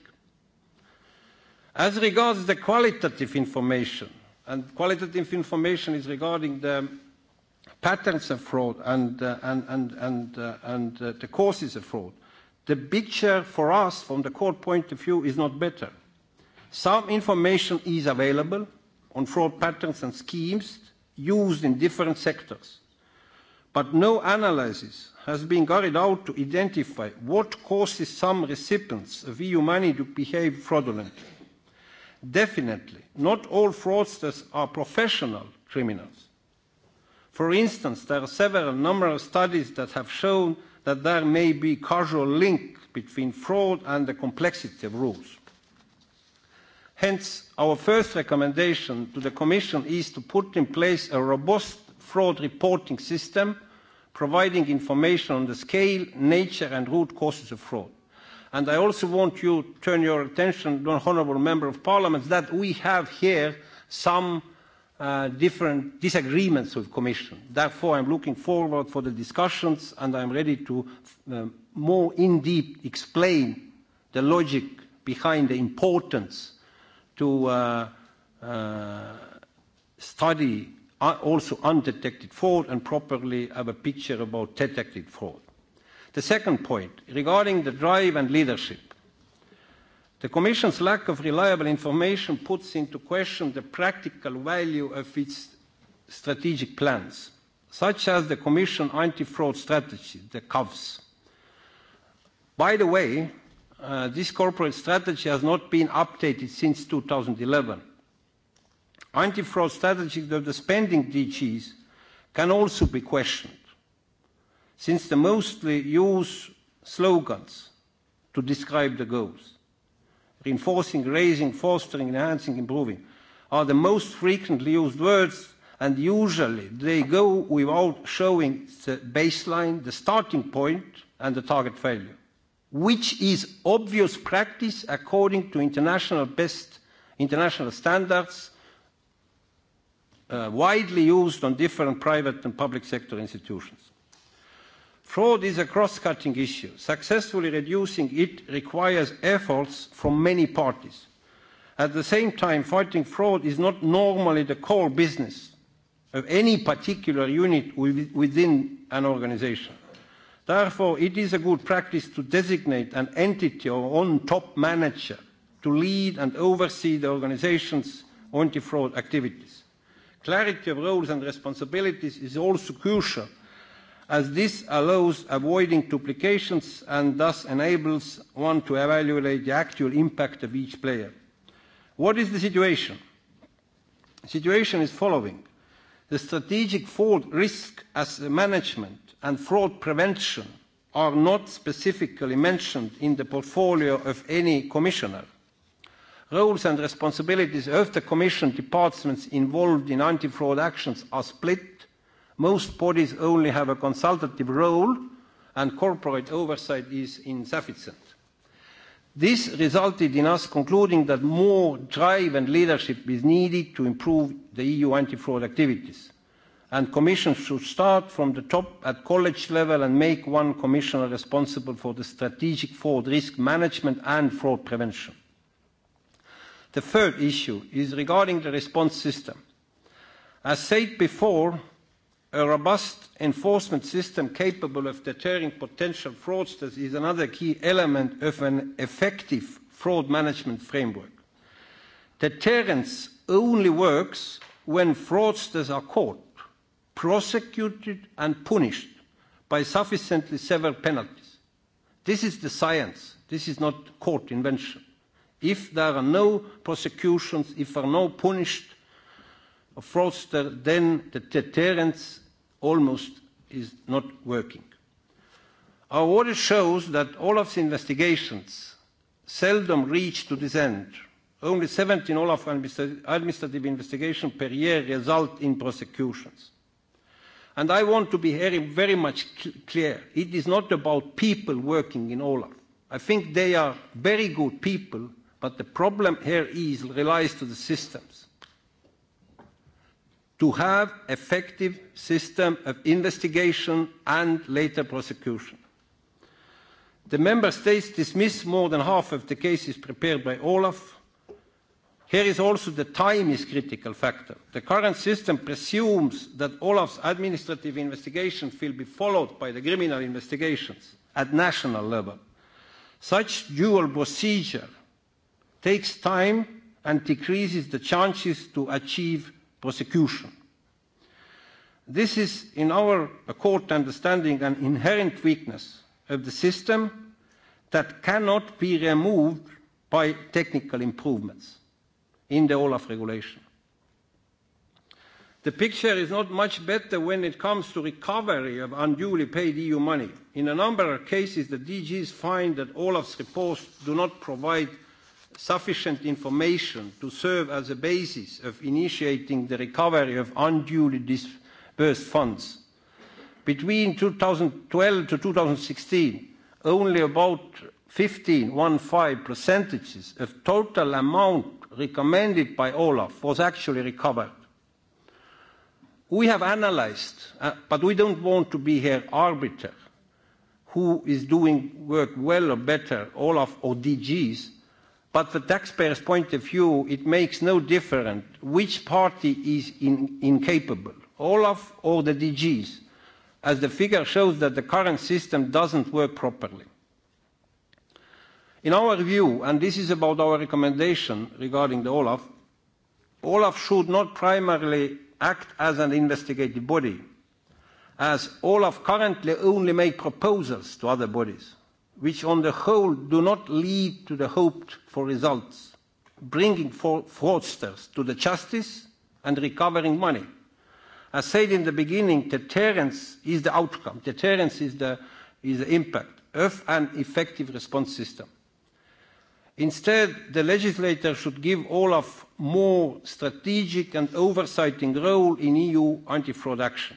As regards the qualitative information, and qualitative information is regarding the patterns of fraud and, uh, and, and, and, uh, and uh, the causes of fraud. The picture for us from the court point of view is not better. Some information is available on fraud patterns and schemes used in different sectors, but no analysis has been carried out to identify what causes some recipients of EU money to behave fraudulently. Definitely, not all fraudsters are professional criminals For instance, there are several numerous studies that have shown that there may be causal link between fraud and the complexity of rules. Hence, our first recommendation to the Commission is to put in place a robust fraud reporting system providing information on the scale, nature and root causes of fraud. And I also want you to turn your attention, honourable member of parliament, that we have here some uh, different disagreements with Commission. Therefore, I'm looking forward for the discussions and I'm ready to um, more in deep explain the logic behind the importance to uh, uh, study uh, also undetected fraud and properly have a picture about detected fraud. The second point, regarding the drive and leadership. The Commission's lack of reliable information puts into question the practical value of its strategic plans, such as the Commission anti-fraud strategy, the COVS. By the way, uh, this corporate strategy has not been updated since 2011. Anti-fraud strategies of the spending DGs can also be questioned, since they mostly use slogans to describe the goals reinforcing, raising, fostering, enhancing, improving, are the most frequently used words, and usually they go without showing the baseline, the starting point, and the target value, which is obvious practice according to international best international standards uh, widely used on different private and public sector institutions. Fraud is a cross-cutting issue. Successfully reducing it requires efforts from many parties. At the same time, fighting fraud is not normally the core business of any particular unit within an organization. Therefore, it is a good practice to designate an entity or on-top manager to lead and oversee the organization's anti-fraud activities. Clarity of roles and responsibilities is also crucial as this allows avoiding duplications and thus enables one to evaluate the actual impact of each player. What is the situation? The situation is following. The strategic fraud risk as management and fraud prevention are not specifically mentioned in the portfolio of any commissioner. Roles and responsibilities of the Commission departments involved in anti-fraud actions are split Most bodies only have a consultative role, and corporate oversight is insufficient. This resulted in us concluding that more drive and leadership is needed to improve the EU anti-fraud activities. And commissions should start from the top at college level and make one commissioner responsible for the strategic fraud risk management and fraud prevention. The third issue is regarding the response system. As said before, A robust enforcement system capable of deterring potential fraudsters is another key element of an effective fraud management framework. Deterrence only works when fraudsters are caught, prosecuted and punished by sufficiently severe penalties. This is the science. This is not court invention. If there are no prosecutions, if there are no punished fraudster, then the deterrence almost is not working. Our audit shows that Olaf's investigations seldom reach to this end. Only 17 Olaf administrative investigations per year result in prosecutions. And I want to be very, very much cl clear. It is not about people working in Olaf. I think they are very good people, but the problem here is relies to the systems to have effective system of investigation and later prosecution. The member states dismiss more than half of the cases prepared by Olaf. Here is also the time is critical factor. The current system presumes that Olaf's administrative investigations will be followed by the criminal investigations at national level. Such dual procedure takes time and decreases the chances to achieve prosecution. This is, in our court understanding, an inherent weakness of the system that cannot be removed by technical improvements in the Olaf regulation. The picture is not much better when it comes to recovery of unduly paid EU money. In a number of cases, the DGs find that Olaf's reports do not provide sufficient information to serve as a basis of initiating the recovery of unduly disbursed funds. Between 2012 to 2016, only about 15.15% of total amount recommended by Olaf was actually recovered. We have analyzed, uh, but we don't want to be here arbiter, who is doing work well or better, Olaf or DGs, But the taxpayer's point of view, it makes no difference which party is in, incapable, Olaf or the DGs, as the figure shows that the current system doesn't work properly. In our view, and this is about our recommendation regarding the Olaf, Olaf should not primarily act as an investigative body, as Olaf currently only make proposals to other bodies which on the whole do not lead to the hoped for results, bringing for fraudsters to the justice and recovering money. As said in the beginning, deterrence is the outcome. Deterrence is the, is the impact of an effective response system. Instead, the legislator should give Olaf more strategic and oversighting role in EU anti-fraud action.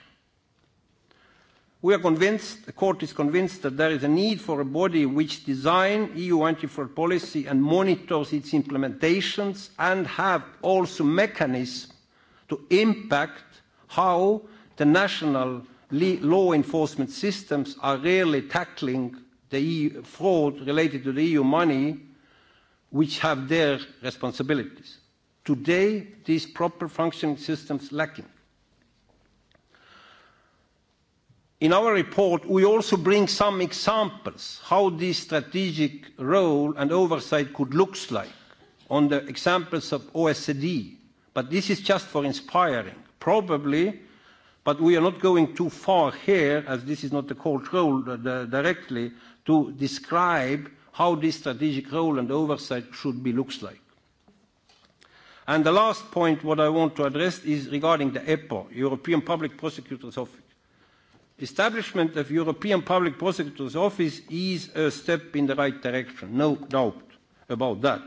We are convinced, the court is convinced that there is a need for a body which design EU anti-fraud policy and monitors its implementations and have also mechanisms to impact how the national law enforcement systems are really tackling the EU fraud related to the EU money, which have their responsibilities. Today, these proper functioning systems lacking. In our report, we also bring some examples how this strategic role and oversight could look like on the examples of OECD. But this is just for inspiring, probably, but we are not going too far here, as this is not the court role the, uh, directly, to describe how this strategic role and oversight should be looks like. And the last point what I want to address is regarding the EPPO, European Public Prosecutor's Office. Establishment of European Public Prosecutor's Office is a step in the right direction, no doubt about that.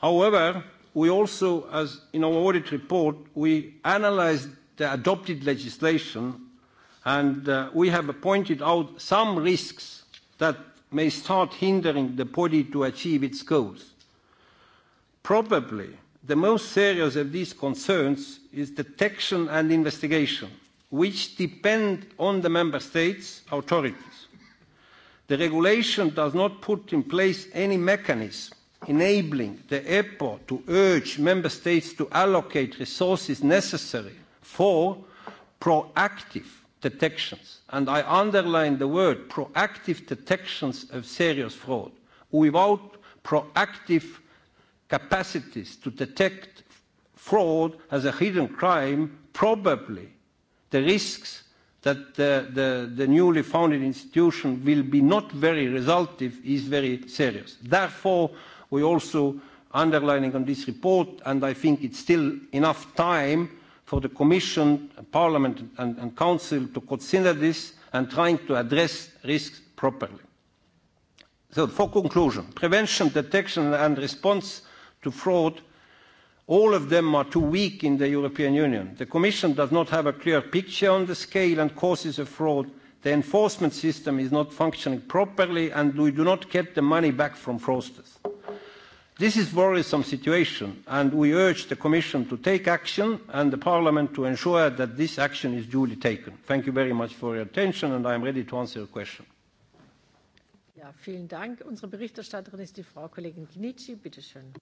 However, we also, as in our audit report, we analyzed the adopted legislation, and uh, we have pointed out some risks that may start hindering the body to achieve its goals. Probably the most serious of these concerns is detection and investigation which depend on the member states' authorities. The regulation does not put in place any mechanism enabling the airport e to urge member states to allocate resources necessary for proactive detections, and I underline the word proactive detections of serious fraud. Without proactive capacities to detect fraud as a hidden crime, probably the risks that the, the, the newly founded institution will be not very resultive is very serious. Therefore, we also underlining on this report, and I think it's still enough time for the Commission, Parliament and, and Council to consider this and trying to address risks properly. So for conclusion, prevention, detection and response to fraud – All of them are too weak in the European Union. The Commission does not have a clear picture on the scale and causes of fraud. The enforcement system is not functioning properly, and we do not get the money back from fraudsters. This is worrisome situation, and we urge the Commission to take action and the Parliament to ensure that this action is duly taken. Thank you very much for your attention, and I am ready to answer your question. Ja, vielen Dank. Unsere Berichterstatterin ist die Frau Kollegin Knietschi. Bitte schön.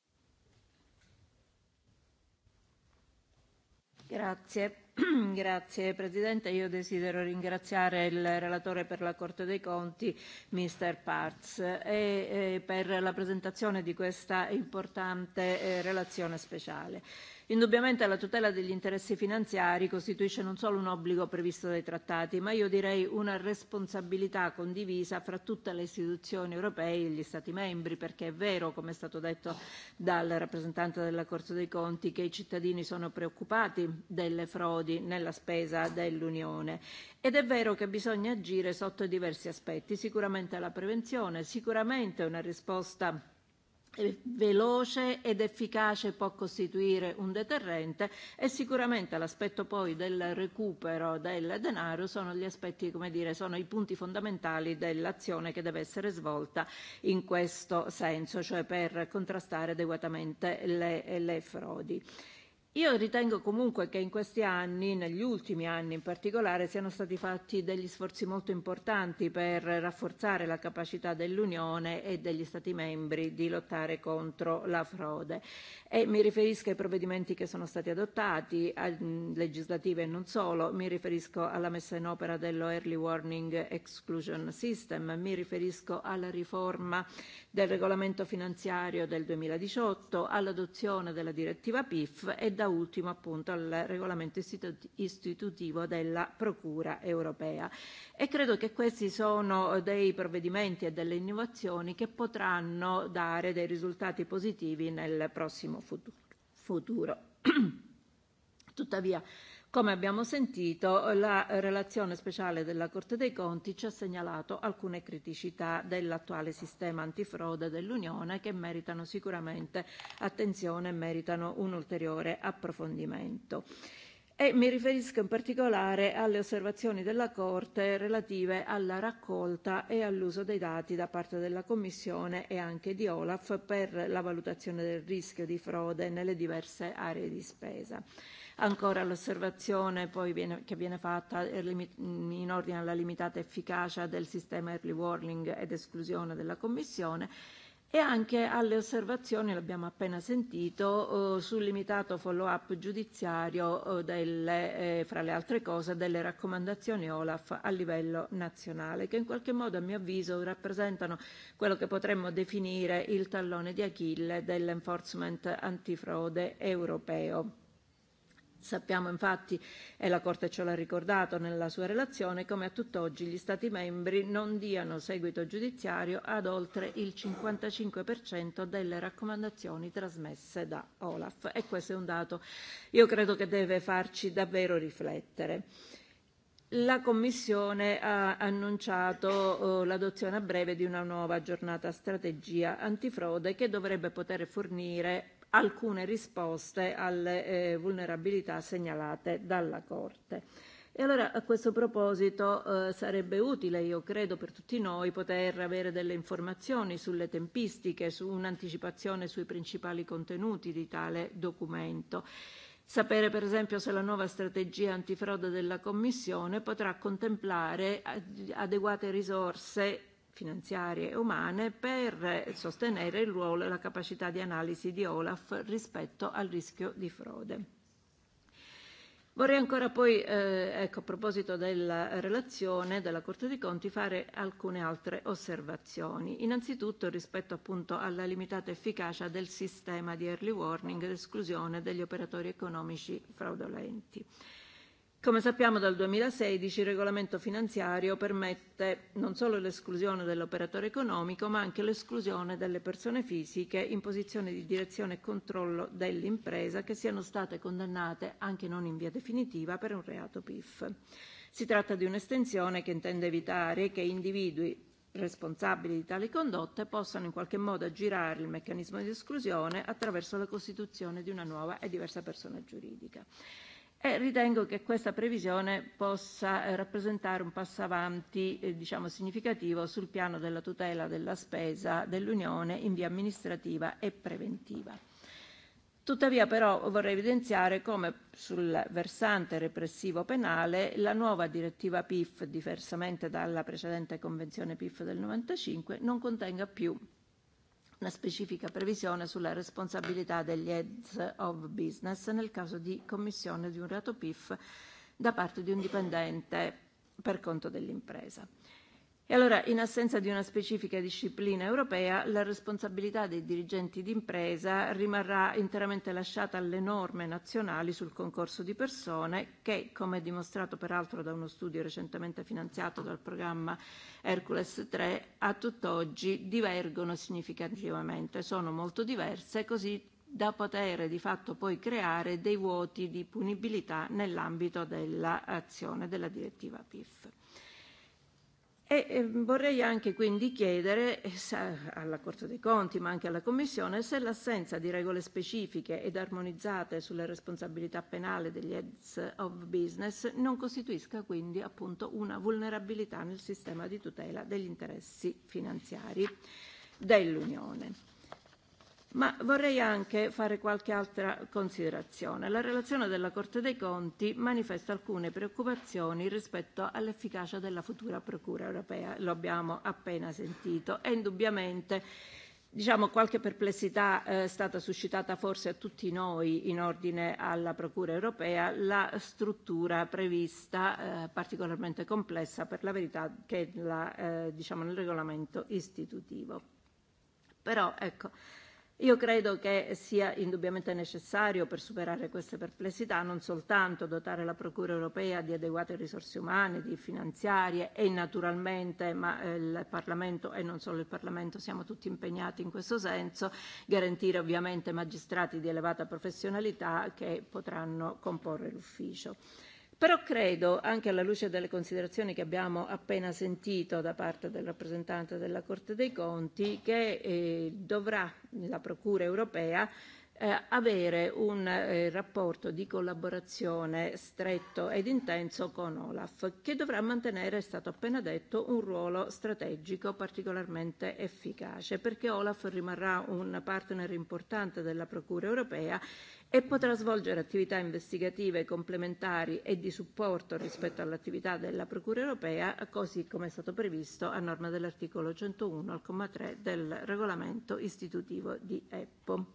Grazie. Grazie Presidente, io desidero ringraziare il relatore per la Corte dei Conti, Mr. Parts, e, e per la presentazione di questa importante eh, relazione speciale. Indubbiamente la tutela degli interessi finanziari costituisce non solo un obbligo previsto dai trattati, ma io direi una responsabilità condivisa fra tutte le istituzioni europee e gli Stati membri, perché è vero, come è stato detto dal rappresentante della Corte dei Conti, che i cittadini sono preoccupati delle frodi nella spesa dell'Unione ed è vero che bisogna agire sotto diversi aspetti, sicuramente la prevenzione, sicuramente una risposta veloce ed efficace può costituire un deterrente e sicuramente l'aspetto poi del recupero del denaro sono gli aspetti, come dire, sono i punti fondamentali dell'azione che deve essere svolta in questo senso, cioè per contrastare adeguatamente le, le frodi. Io ritengo comunque che in questi anni, negli ultimi anni in particolare, siano stati fatti degli sforzi molto importanti per rafforzare la capacità dell'Unione e degli Stati membri di lottare contro la frode. E mi riferisco ai provvedimenti che sono stati adottati, a, legislativi e non solo, mi riferisco alla messa in opera dello Early Warning Exclusion System, mi riferisco alla riforma del regolamento finanziario del 2018, all'adozione della direttiva PIF e da ultimo appunto al regolamento istitutivo della Procura europea. E credo che questi sono dei provvedimenti e delle innovazioni che potranno dare dei risultati positivi nel prossimo futuro. futuro. Tuttavia Come abbiamo sentito, la relazione speciale della Corte dei Conti ci ha segnalato alcune criticità dell'attuale sistema antifrode dell'Unione che meritano sicuramente attenzione e meritano un ulteriore approfondimento. E mi riferisco in particolare alle osservazioni della Corte relative alla raccolta e all'uso dei dati da parte della Commissione e anche di Olaf per la valutazione del rischio di frode nelle diverse aree di spesa. Ancora l'osservazione poi viene, che viene fatta eh, in ordine alla limitata efficacia del sistema early warning ed esclusione della Commissione e anche alle osservazioni, l'abbiamo appena sentito, eh, sul limitato follow-up giudiziario eh, delle, eh, fra le altre cose delle raccomandazioni Olaf a livello nazionale, che in qualche modo a mio avviso rappresentano quello che potremmo definire il tallone di Achille dell'enforcement antifrode europeo. Sappiamo infatti, e la Corte ce l'ha ricordato nella sua relazione, come a tutt'oggi gli Stati membri non diano seguito giudiziario ad oltre il 55% delle raccomandazioni trasmesse da Olaf. E questo è un dato, io credo, che deve farci davvero riflettere. La Commissione ha annunciato eh, l'adozione a breve di una nuova aggiornata strategia antifrode che dovrebbe poter fornire alcune risposte alle eh, vulnerabilità segnalate dalla Corte. E allora a questo proposito eh, sarebbe utile, io credo, per tutti noi poter avere delle informazioni sulle tempistiche, su un'anticipazione sui principali contenuti di tale documento. Sapere per esempio se la nuova strategia antifrode della Commissione potrà contemplare adeguate risorse finanziarie e umane per sostenere il ruolo e la capacità di analisi di Olaf rispetto al rischio di frode. Vorrei ancora poi, eh, ecco, a proposito della relazione della Corte dei Conti, fare alcune altre osservazioni. Innanzitutto rispetto appunto alla limitata efficacia del sistema di early warning ed esclusione degli operatori economici fraudolenti. Eh, Come sappiamo dal 2016 il regolamento finanziario permette non solo l'esclusione dell'operatore economico ma anche l'esclusione delle persone fisiche in posizione di direzione e controllo dell'impresa che siano state condannate, anche non in via definitiva, per un reato PIF. Si tratta di un'estensione che intende evitare che individui responsabili di tali condotte possano in qualche modo aggirare il meccanismo di esclusione attraverso la costituzione di una nuova e diversa persona giuridica e ritengo che questa previsione possa eh, rappresentare un passo avanti eh, diciamo, significativo sul piano della tutela della spesa dell'Unione in via amministrativa e preventiva. Tuttavia però vorrei evidenziare come sul versante repressivo penale la nuova direttiva PIF, diversamente dalla precedente convenzione PIF del 95, non contenga più una specifica previsione sulla responsabilità degli heads of business nel caso di commissione di un reato PIF da parte di un dipendente per conto dell'impresa. E allora, in assenza di una specifica disciplina europea, la responsabilità dei dirigenti d'impresa rimarrà interamente lasciata alle norme nazionali sul concorso di persone che, come dimostrato peraltro da uno studio recentemente finanziato dal programma Hercules 3, a tutt'oggi divergono significativamente, sono molto diverse, così da poter di fatto poi creare dei vuoti di punibilità nell'ambito dell'azione della direttiva PIF. E, e vorrei anche quindi chiedere eh, sa, alla Corte dei Conti, ma anche alla Commissione, se l'assenza di regole specifiche ed armonizzate sulle responsabilità penale degli heads of business non costituisca quindi appunto una vulnerabilità nel sistema di tutela degli interessi finanziari dell'Unione. Ma vorrei anche fare qualche altra considerazione. La relazione della Corte dei Conti manifesta alcune preoccupazioni rispetto all'efficacia della futura Procura europea, lo abbiamo appena sentito, e indubbiamente diciamo, qualche perplessità eh, è eh, stata suscitata forse a tutti noi in ordine alla Procura europea, la struttura prevista eh, particolarmente complessa per la verità che è la, eh, diciamo, nel regolamento istitutivo. Però ecco, Io credo che sia indubbiamente necessario, per superare queste perplessità, non soltanto dotare la Procura europea di adeguate risorse umane, di finanziarie e naturalmente, ma eh, il Parlamento e non solo il Parlamento, siamo tutti impegnati in questo senso, garantire ovviamente magistrati di elevata professionalità che potranno comporre l'ufficio. Però credo, anche alla luce delle considerazioni che abbiamo appena sentito da parte del rappresentante della Corte dei Conti, che eh, dovrà la Procura europea eh, avere un eh, rapporto di collaborazione stretto ed intenso con Olaf, che dovrà mantenere, è stato appena detto, un ruolo strategico particolarmente efficace, perché Olaf rimarrà un partner importante della Procura europea e potrà svolgere attività investigative e complementari e di supporto rispetto all'attività della Procura europea, così come è stato previsto a norma dell'articolo 101 al comma 3 del regolamento istitutivo di EPPO.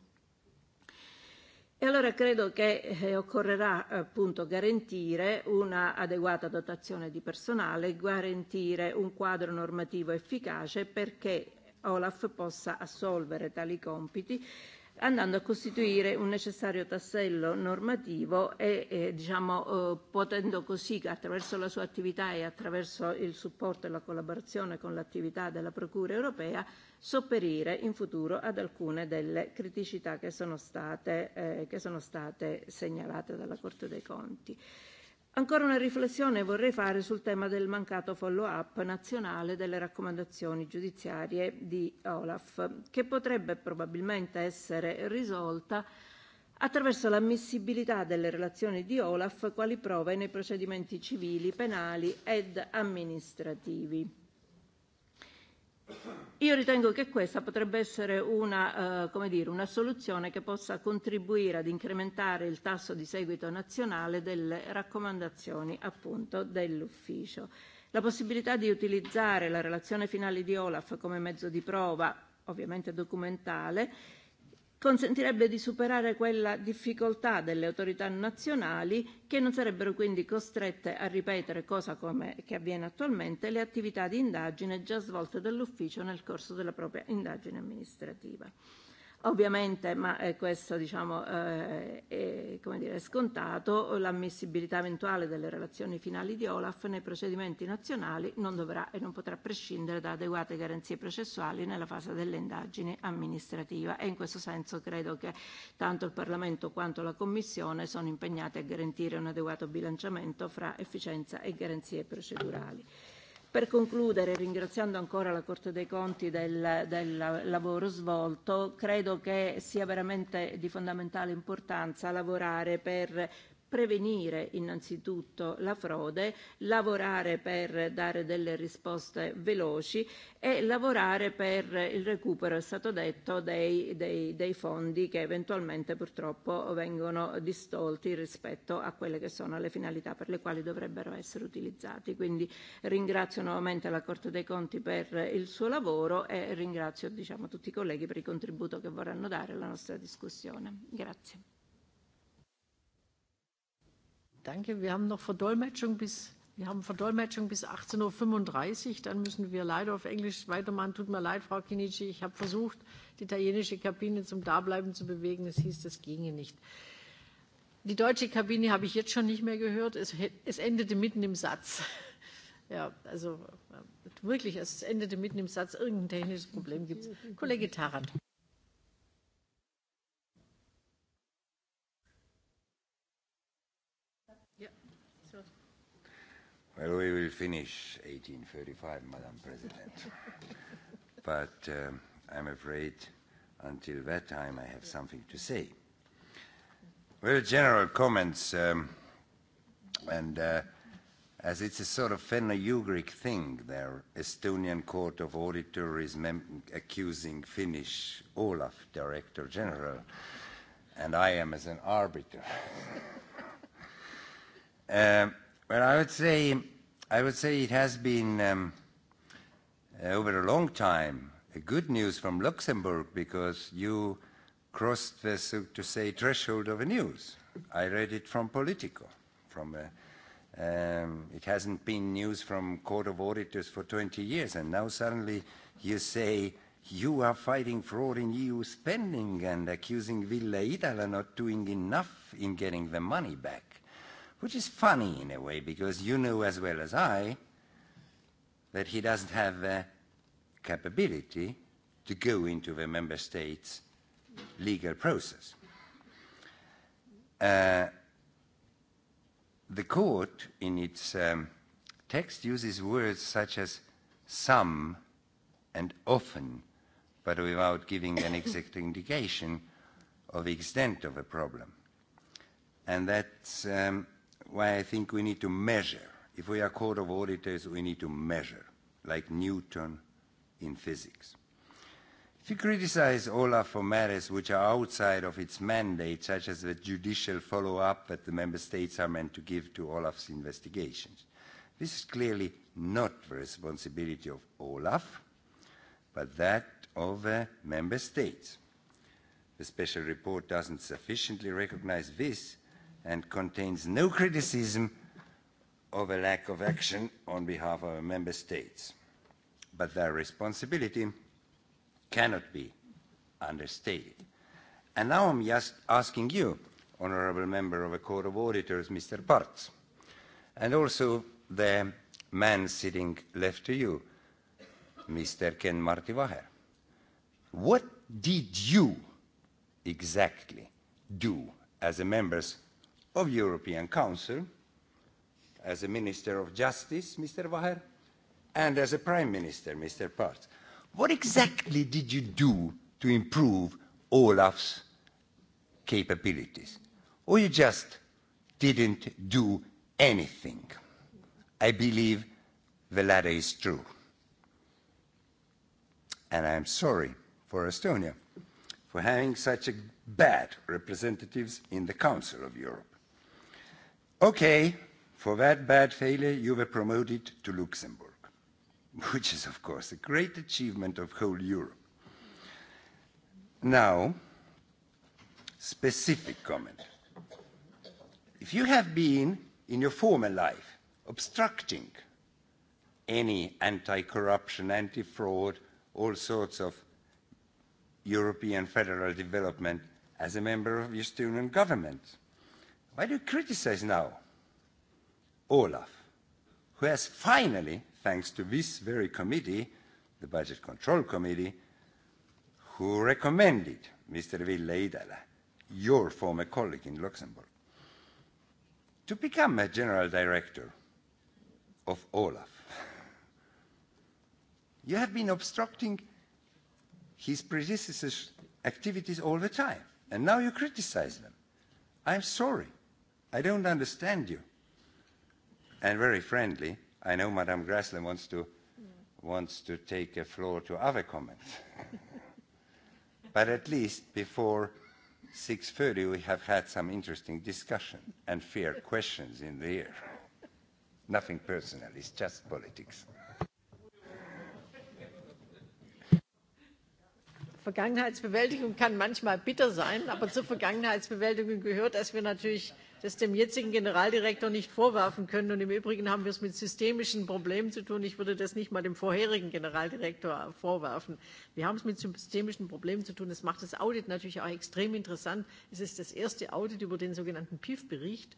E allora credo che eh, occorrerà appunto garantire una adeguata dotazione di personale, garantire un quadro normativo efficace perché Olaf possa assolvere tali compiti andando a costituire un necessario tassello normativo e eh, diciamo, eh, potendo così, attraverso la sua attività e attraverso il supporto e la collaborazione con l'attività della Procura europea, sopperire in futuro ad alcune delle criticità che sono state, eh, che sono state segnalate dalla Corte dei Conti. Eh, Ancora una riflessione vorrei fare sul tema del mancato follow-up nazionale delle raccomandazioni giudiziarie di Olaf, che potrebbe probabilmente essere risolta attraverso l'ammissibilità delle relazioni di Olaf quali prove nei procedimenti civili, penali ed amministrativi. Io ritengo che questa potrebbe essere una, eh, come dire, una soluzione che possa contribuire ad incrementare il tasso di seguito nazionale delle raccomandazioni appunto dell'ufficio. La possibilità di utilizzare la relazione finale di Olaf come mezzo di prova, ovviamente documentale, consentirebbe di superare quella difficoltà delle autorità nazionali che non sarebbero quindi costrette a ripetere, cosa come che avviene attualmente, le attività di indagine già svolte dall'ufficio nel corso della propria indagine amministrativa. Ovviamente, ma eh, questo diciamo, eh, è come dire, scontato, l'ammissibilità eventuale delle relazioni finali di Olaf nei procedimenti nazionali non dovrà e non potrà prescindere da adeguate garanzie processuali nella fase delle indagini amministrative e in questo senso credo che tanto il Parlamento quanto la Commissione sono impegnati a garantire un adeguato bilanciamento fra efficienza e garanzie procedurali. Per concludere, ringraziando ancora la Corte dei Conti del, del lavoro svolto, credo che sia veramente di fondamentale importanza lavorare per prevenire innanzitutto la frode, lavorare per dare delle risposte veloci e lavorare per il recupero, è stato detto, dei, dei, dei fondi che eventualmente purtroppo vengono distolti rispetto a quelle che sono le finalità per le quali dovrebbero essere utilizzati. Quindi ringrazio nuovamente la Corte dei Conti per il suo lavoro e ringrazio diciamo, tutti i colleghi per il contributo che vorranno dare alla nostra discussione. Grazie. Danke. Wir haben noch Verdolmetschung bis wir haben Verdolmetschung bis 18.35 Uhr. Dann müssen wir leider auf Englisch weitermachen. Tut mir leid, Frau Kinici. Ich habe versucht, die italienische Kabine zum Dableiben zu bewegen. Es hieß, das ginge nicht. Die deutsche Kabine habe ich jetzt schon nicht mehr gehört. Es, es endete mitten im Satz. Ja, also äh, wirklich, es endete mitten im Satz. Irgendein technisches Problem gibt es. Kollege Tarant. Well, we will finish 1835, Madam President. but um, I'm afraid until that time I have something to say. Well, general comments, um, and uh, as it's a sort of Finno-Ugric thing, their Estonian Court of Auditor is mem- accusing Finnish Olaf Director General, and I am as an arbiter. um, Well, I would say, I would say it has been um, uh, over a long time a good news from Luxembourg because you crossed the, so to say, threshold of the news. I read it from Politico. From a, uh, um, it hasn't been news from Court of Auditors for 20 years, and now suddenly you say you are fighting fraud in EU spending and accusing Villa Italia not doing enough in getting the money back which is funny in a way because you know as well as I that he doesn't have the capability to go into the member state's legal process. Uh, the court in its um, text uses words such as some and often, but without giving an exact indication of the extent of the problem. And that's um, why I think we need to measure. If we are court of auditors, we need to measure, like Newton in physics. If you criticize Olaf for matters which are outside of its mandate, such as the judicial follow-up that the member states are meant to give to Olaf's investigations, this is clearly not the responsibility of Olaf, but that of the member states. The special report doesn't sufficiently recognize this and contains no criticism of a lack of action on behalf of our member states. But their responsibility cannot be understated. And now I'm just asking you, honorable member of the Court of Auditors, Mr. Parts, and also the man sitting left to you, Mr. Ken Martivaher. What did you exactly do as a members of European Council, as a Minister of Justice, Mr. Vaher, and as a Prime Minister, Mr. Parts. What exactly did you do to improve Olaf's capabilities? Or you just didn't do anything? I believe the latter is true. And I'm sorry for Estonia for having such a bad representatives in the Council of Europe. Okay, for that bad failure, you were promoted to Luxembourg, which is, of course, a great achievement of whole Europe. Now, specific comment. If you have been in your former life obstructing any anti-corruption, anti-fraud, all sorts of European federal development as a member of your student government, Why do you criticize now Olaf, who has finally, thanks to this very committee, the Budget Control Committee, who recommended Mr. Ville Idala, your former colleague in Luxembourg, to become a general director of Olaf. You have been obstructing his predecessor's activities all the time, and now you criticize them. I'm sorry. I don't understand you. And very friendly. I know Madame Grassley wants to, yeah. wants to take a floor to other comments. but at least before 6.30 we have had some interesting discussion and fair questions in the air. Nothing personal, it's just politics. Vergangenheitsbewältigung kann manchmal bitter sein, aber zur Vergangenheitsbewältigung gehört, dass wir natürlich das dem jetzigen Generaldirektor nicht vorwerfen können. Und im Übrigen haben wir es mit systemischen Problemen zu tun. Ich würde das nicht mal dem vorherigen Generaldirektor vorwerfen. Wir haben es mit systemischen Problemen zu tun. Das macht das Audit natürlich auch extrem interessant. Es ist das erste Audit über den sogenannten PIF-Bericht.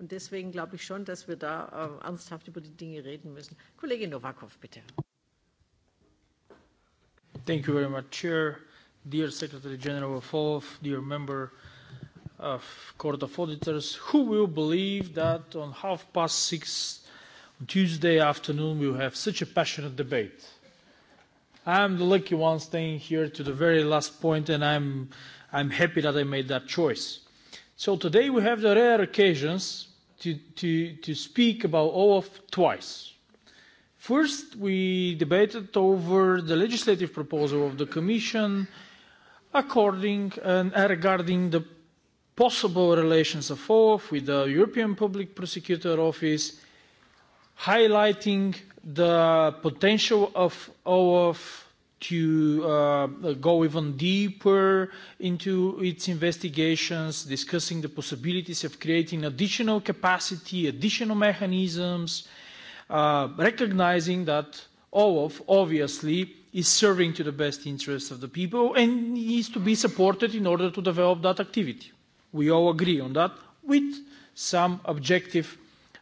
Und deswegen glaube ich schon, dass wir da äh, ernsthaft über die Dinge reden müssen. Kollege Novakov, bitte. Thank you very much, Chair. Dear Secretary General of OLAF, dear member, uh, uh, Court of Auditors. Who will believe that on half past six on Tuesday afternoon we'll have such a passionate debate? I'm the lucky one staying here to the very last point, and I'm, I'm happy that I made that choice. So today we have the rare occasions to, to, to speak about OLAF twice. First, we debated over the legislative proposal of the Commission according and uh, regarding the possible relations of OLAF with the European Public Prosecutor Office, highlighting the potential of OLAF to uh, go even deeper into its investigations, discussing the possibilities of creating additional capacity, additional mechanisms, uh, recognizing that Olaf obviously is serving to the best interests of the people and needs to be supported in order to develop that activity. We all agree on that, with some objective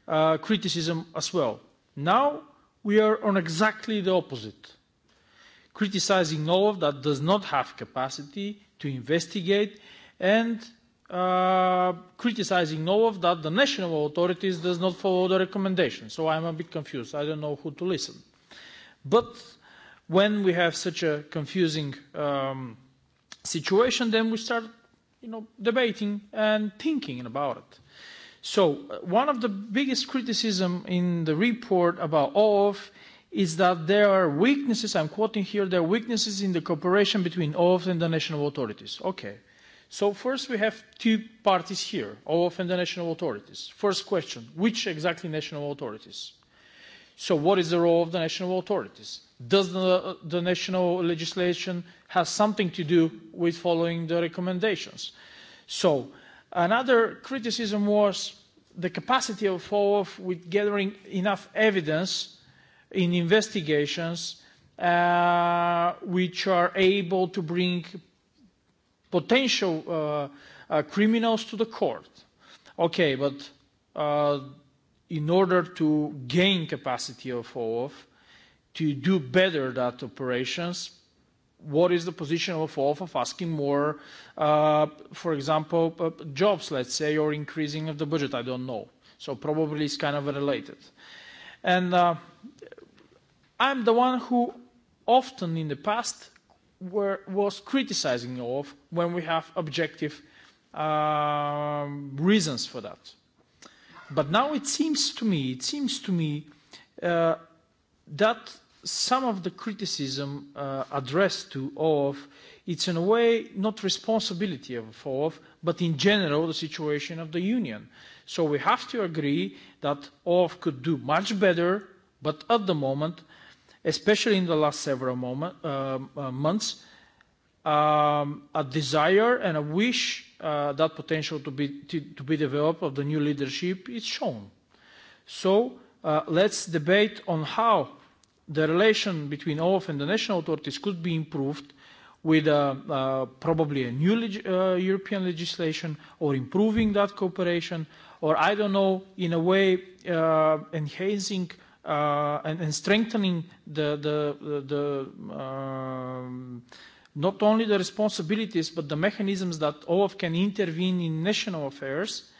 uh, criticism as well. Now we are on exactly the opposite, criticizing Olaf that does not have capacity to investigate and uh, criticizing Olaf that the national authorities does not follow the recommendations. So I'm a bit confused. I don't know who to listen. But when we have such a confusing um, situation, then we start you know, debating and thinking about it. So uh, one of the biggest criticism in the report about OAF is that there are weaknesses, I'm quoting here, there are weaknesses in the cooperation between OAF and the national authorities. Okay. So first we have two parties here, OAF and the national authorities. First question, which exactly national authorities? Uh, So what is the role of the national authorities? Does the, the national legislation have something to do with following the recommendations? So another criticism was the capacity of OLAF with gathering enough evidence in investigations uh, which are able to bring potential uh, uh, criminals to the court. Okay, but uh, in order to gain capacity of OAuth to do better that operations, what is the position of OAuth of asking more, uh, for example, uh, jobs, let's say, or increasing of the budget? I don't know. So probably it's kind of related. And uh, I'm the one who often in the past were, was criticizing OAuth when we have objective uh, reasons for that. But now it seems to me, it seems to me uh, that some of the criticism uh, addressed to OAF, it's in a way not responsibility of OAF, but in general the situation of the Union. So we have to agree that OAF could do much better, but at the moment, especially in the last several moment, uh, uh, months, um, a desire and a wish uh, that potential to be, to, to be developed of the new leadership is shown. So uh, let's debate on how the relation between OLAF and the national authorities could be improved with a, uh, uh, probably a new leg uh, European legislation or improving that cooperation or, I don't know, in a way uh, enhancing uh, and, and strengthening the, the, the, the um, uh, not only the responsibilities but the mechanisms that OLAF can intervene in national affairs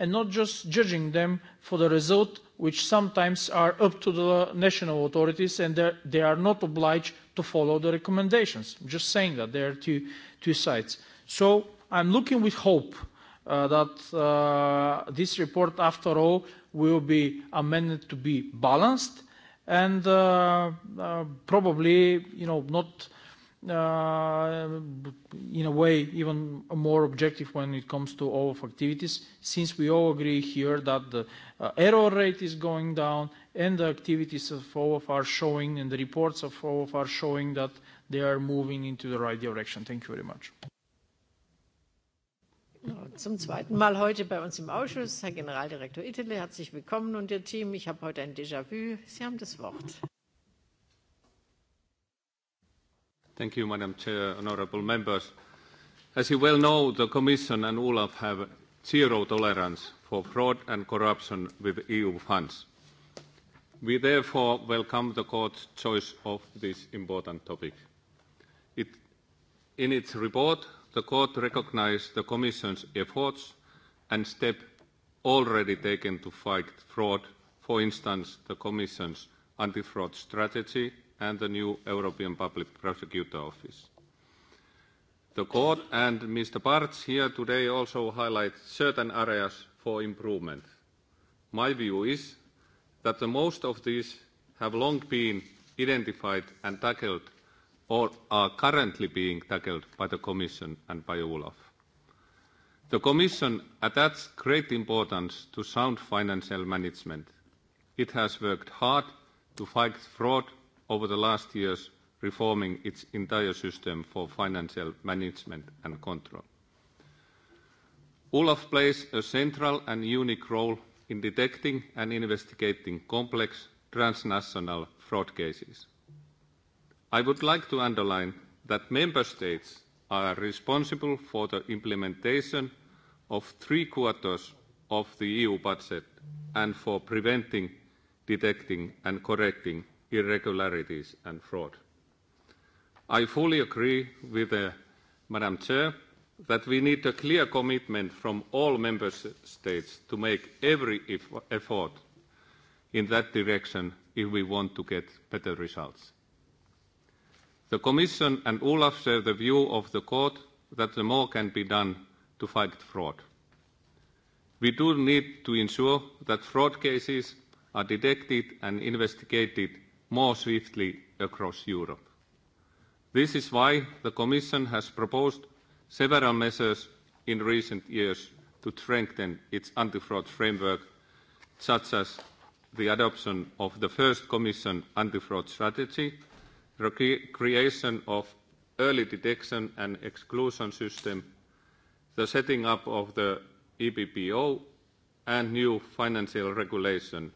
and not just judging them for the result which sometimes are up to the national authorities and they are not obliged to follow the recommendations. I'm just saying that there are two, two sides. So I'm looking with hope uh, that uh, this report, after all, will be amended to be balanced and uh, uh, probably, you know, not uh, uh, in a way, even more objective when it comes to all of activities, since we all agree here that the uh, error rate is going down and the activities of all of are showing and the reports of all of are showing that they are moving into the right direction. Thank you very much. Zum zweiten Mal heute bei uns im Ausschuss, Herr Generaldirektor Ittele, herzlich willkommen und Ihr Team. Ich habe heute ein Déjà-vu. Sie haben das Wort. Thank you, Madam Chair, honourable members. As you well know, the Commission and Olaf have zero tolerance for fraud and corruption with EU funds. We therefore welcome the court's choice of this important topic. It, in its report, the court recognized the Commission's efforts and step already taken to fight fraud, for instance, the Commission's anti-fraud strategy and the new European Public Prosecutor Office. The court and Mr. Barts here today also highlight certain areas for improvement. My view is that the most of these have long been identified and tackled or are currently being tackled by the Commission and by Olaf. The Commission attaches great importance to sound financial management. It has worked hard to fight fraud over the last years, reforming its entire system for financial management and control. Olaf plays a central and unique role in detecting and investigating complex transnational fraud cases. I would like to underline that member states are responsible for the implementation of three-quarters of the EU budget and for preventing, detecting, and correcting irregularities and fraud. I fully agree with uh, Madam Chair that we need a clear commitment from all member states to make every effort in that direction if we want to get better results. The Commission and Olaf share the view of the Court that more can be done to fight fraud. We do need to ensure that fraud cases are detected and investigated more swiftly across Europe. This is why the Commission has proposed several measures in recent years to strengthen its anti-fraud framework, such as the adoption of the first Commission anti-fraud strategy, the cre creation of early detection and exclusion system, the setting up of the EBPO, and new financial regulation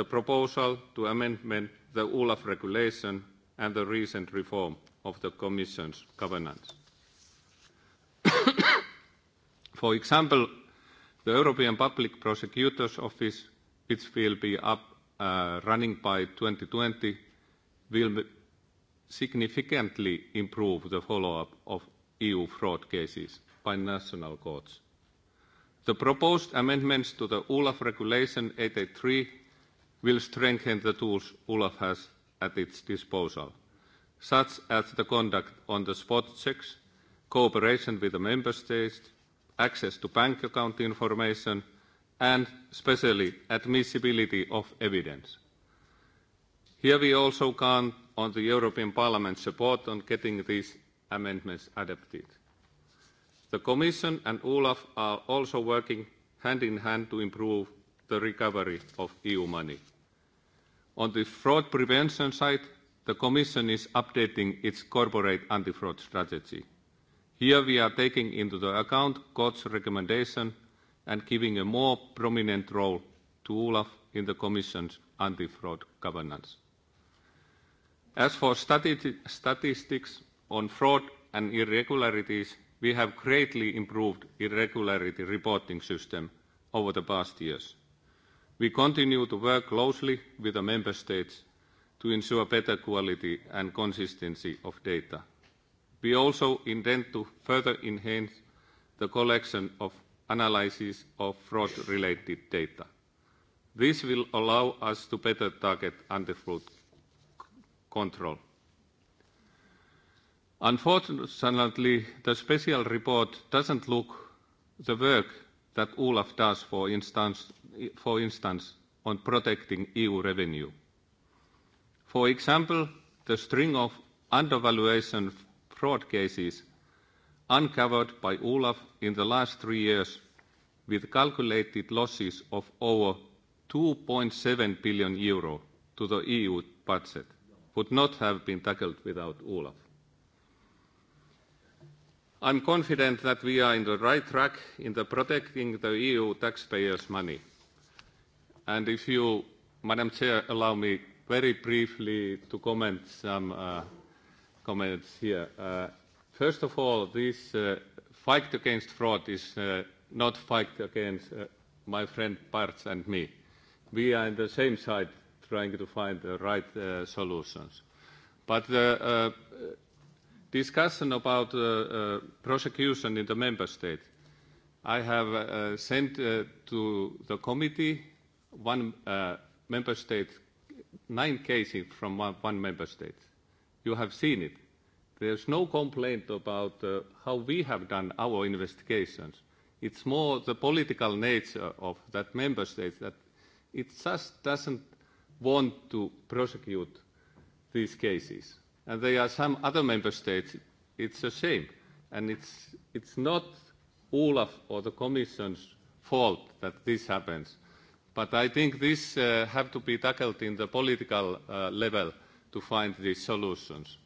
the proposal to amendment the Olaf regulation and the recent reform of the Commission's governance. For example, the European Public Prosecutor's Office, which will be up uh, running by 2020, will significantly improve the follow-up of EU fraud cases by national courts. The proposed amendments to the Olaf Regulation 883 will strengthen the tools Olaf has at its disposal, such as the conduct on the spot checks, cooperation with the member states, access to bank account information, and especially admissibility of evidence. Here we also count on the European Parliament's support on getting these amendments adopted. The Commission and Olaf are also working hand in hand to improve the recovery of EU money. On the fraud prevention side, the Commission is updating its corporate anti-fraud strategy. Here we are taking into the account court's recommendation and giving a more prominent role to Olaf in the Commission's anti-fraud governance. As for stati statistics on fraud and irregularities, we have greatly improved irregularity reporting system over the past years. We continue to work closely with the member states to ensure better quality and consistency of data. We also intend to further enhance the collection of analysis of fraud-related data. This will allow us to better target anti-fraud control. Unfortunately, the special report doesn't look the work that Olaf does, for instance, for instance, on protecting EU revenue. For example, the string of undervaluation fraud cases uncovered by Olaf in the last three years with calculated losses of over 2.7 billion euro to the EU budget would not have been tackled without Olaf. I'm confident that we are in the right track in the protecting the EU taxpayers' money. And if you, Madam Chair, allow me very briefly to comment some uh, comments here. Uh, first of all, this uh, fight against fraud is uh, not fight against uh, my friend Parts and me. We are on the same side trying to find the right uh, solutions. But the uh, uh, discussion about uh, uh, prosecution in the member state, I have uh, sent uh, to the committee one uh, member state, nine cases from one, one member state. You have seen it. There's no complaint about uh, how we have done our investigations. It's more the political nature of that member state that it just doesn't want to prosecute these cases. And there are some other member states, it's a shame. And it's, it's not Olaf or the Commission's fault that this happens. But I think this uh, have to be tackled in the political uh, level to find these solutions.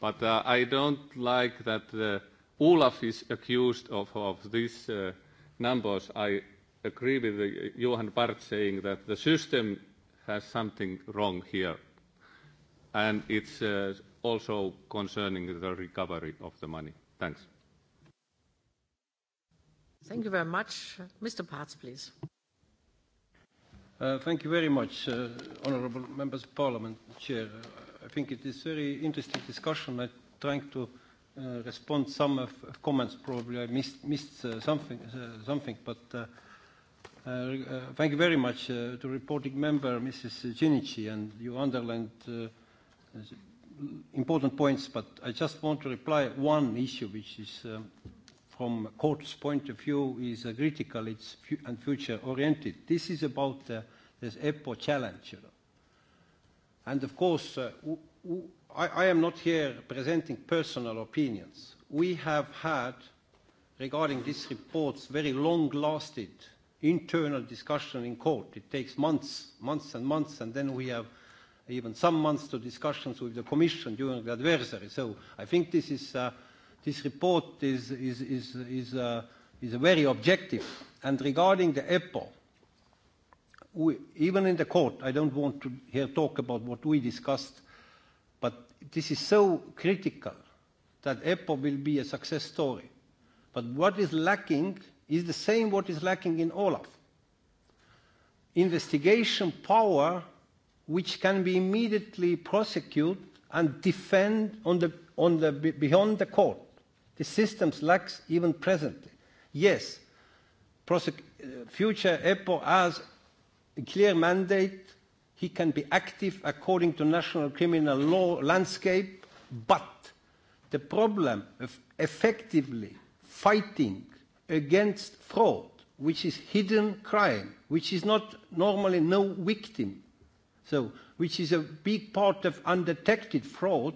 But uh, I don't like that uh, Olaf is accused of, of these uh, numbers. I agree with uh, Johan Bart saying that the system has something wrong here. And it's uh, also concerning the recovery of the money. Thanks. Thank you very much. Mr. Parts, please. Uh, thank you very much, uh, honourable members of parliament, chair. I think it is very interesting discussion. I'm trying to uh, respond some of, of comments. Probably I missed, missed uh, something, uh, something, but uh, uh, uh, thank you very much uh, to reporting member Mrs. Ginici, and you underlined uh, uh, important points, but I just want to reply one issue, which is um, from court's point of view is uh, critical it's fu- and future oriented. This is about uh, this EPPO challenge. You know. And of course, uh, w- w- I, I am not here presenting personal opinions. We have had, regarding these reports, very long-lasting internal discussion in court. It takes months, months and months, and then we have even some months to discussions with the Commission during the adversary. So I think this is uh, this report is, is, is, is, uh, is very objective. And regarding the EPO, we, even in the court, I don't want to here talk about what we discussed, but this is so critical that EPO will be a success story. But what is lacking is the same what is lacking in Olaf. Investigation power which can be immediately prosecuted and defend on the, on the, beyond the court. The systems lacks even presently. Yes, uh, future EPO has a clear mandate. He can be active according to national criminal law landscape, but the problem of effectively fighting against fraud, which is hidden crime, which is not normally no victim, so which is a big part of undetected fraud,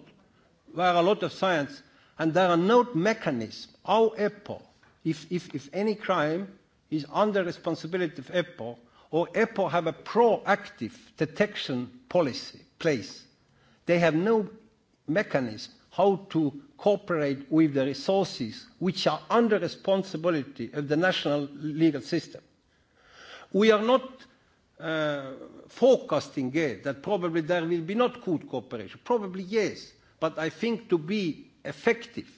where a lot of science and there are no mechanisms, how EPPO, if, if, if any crime is under responsibility of EPPO, or EPPO have a proactive detection policy place, they have no mechanism how to cooperate with the resources which are under responsibility of the national legal system. We are not uh, forecasting yet that probably there will be not good cooperation. Probably yes, but I think to be effective.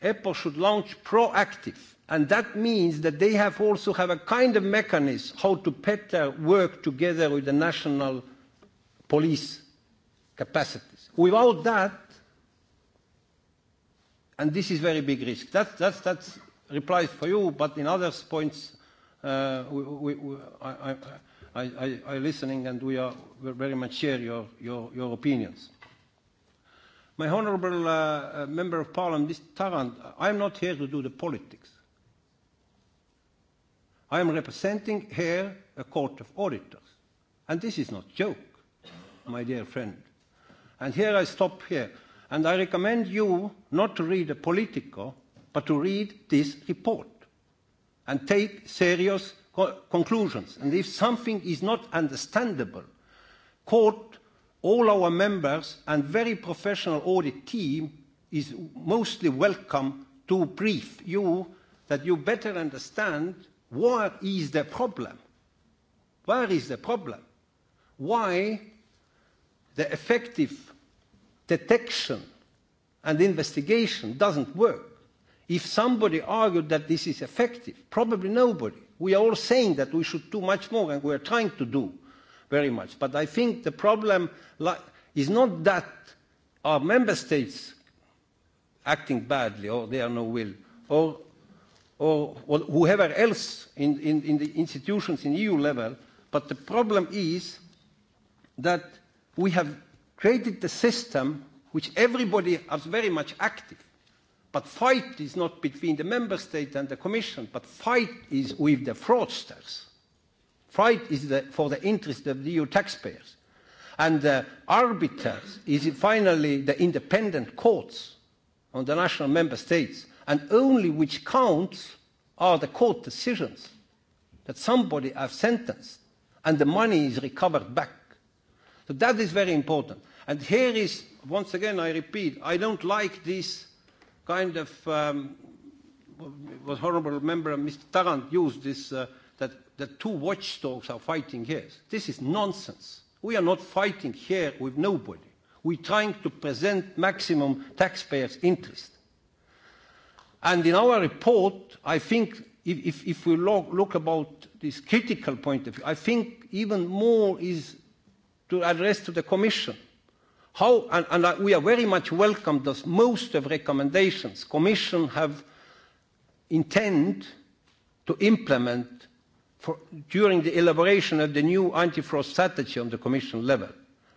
Apple should launch proactive, and that means that they have also have a kind of mechanism how to better work together with the national police capacities. Without that, and this is very big risk. That that's, that's replies for you, but in other points, uh, we, we, I, I, I, I listening and we are very much share your, your, your opinions. My honourable uh, uh, member of parliament, Mr. Tarrant, I'm not here to do the politics. I am representing here a court of auditors. And this is not joke, my dear friend. And here I stop here. And I recommend you not to read a Politico, but to read this report and take serious co- conclusions. And if something is not understandable, court All our members and very professional audit team is mostly welcome to brief you that you better understand what is the problem. Where is the problem? Why the effective detection and investigation doesn't work. If somebody argued that this is effective, probably nobody. We are all saying that we should do much more and we are trying to do very much. But I think the problem is not that our member states acting badly or they are no will or, or, or whoever else in, in, in the institutions in EU level, but the problem is that we have created the system which everybody is very much active. But fight is not between the member state and the commission, but fight is with the fraudsters. Fight is the, for the interest of the EU taxpayers. And the arbiters is finally the independent courts on the national member states. And only which counts are the court decisions that somebody have sentenced and the money is recovered back. So that is very important. And here is, once again, I repeat, I don't like this kind of, um, was honorable member Mr. Tarrant used this uh, that two watchdogs are fighting here. This is nonsense. We are not fighting here with nobody. We're trying to present maximum taxpayers' interest. And in our report, I think if, if, if we look, look about this critical point of view, I think even more is to address to the Commission. How, and, and I, we are very much welcome that most of recommendations Commission have intend to implement for, during the elaboration of the new anti-fraud strategy on the Commission level.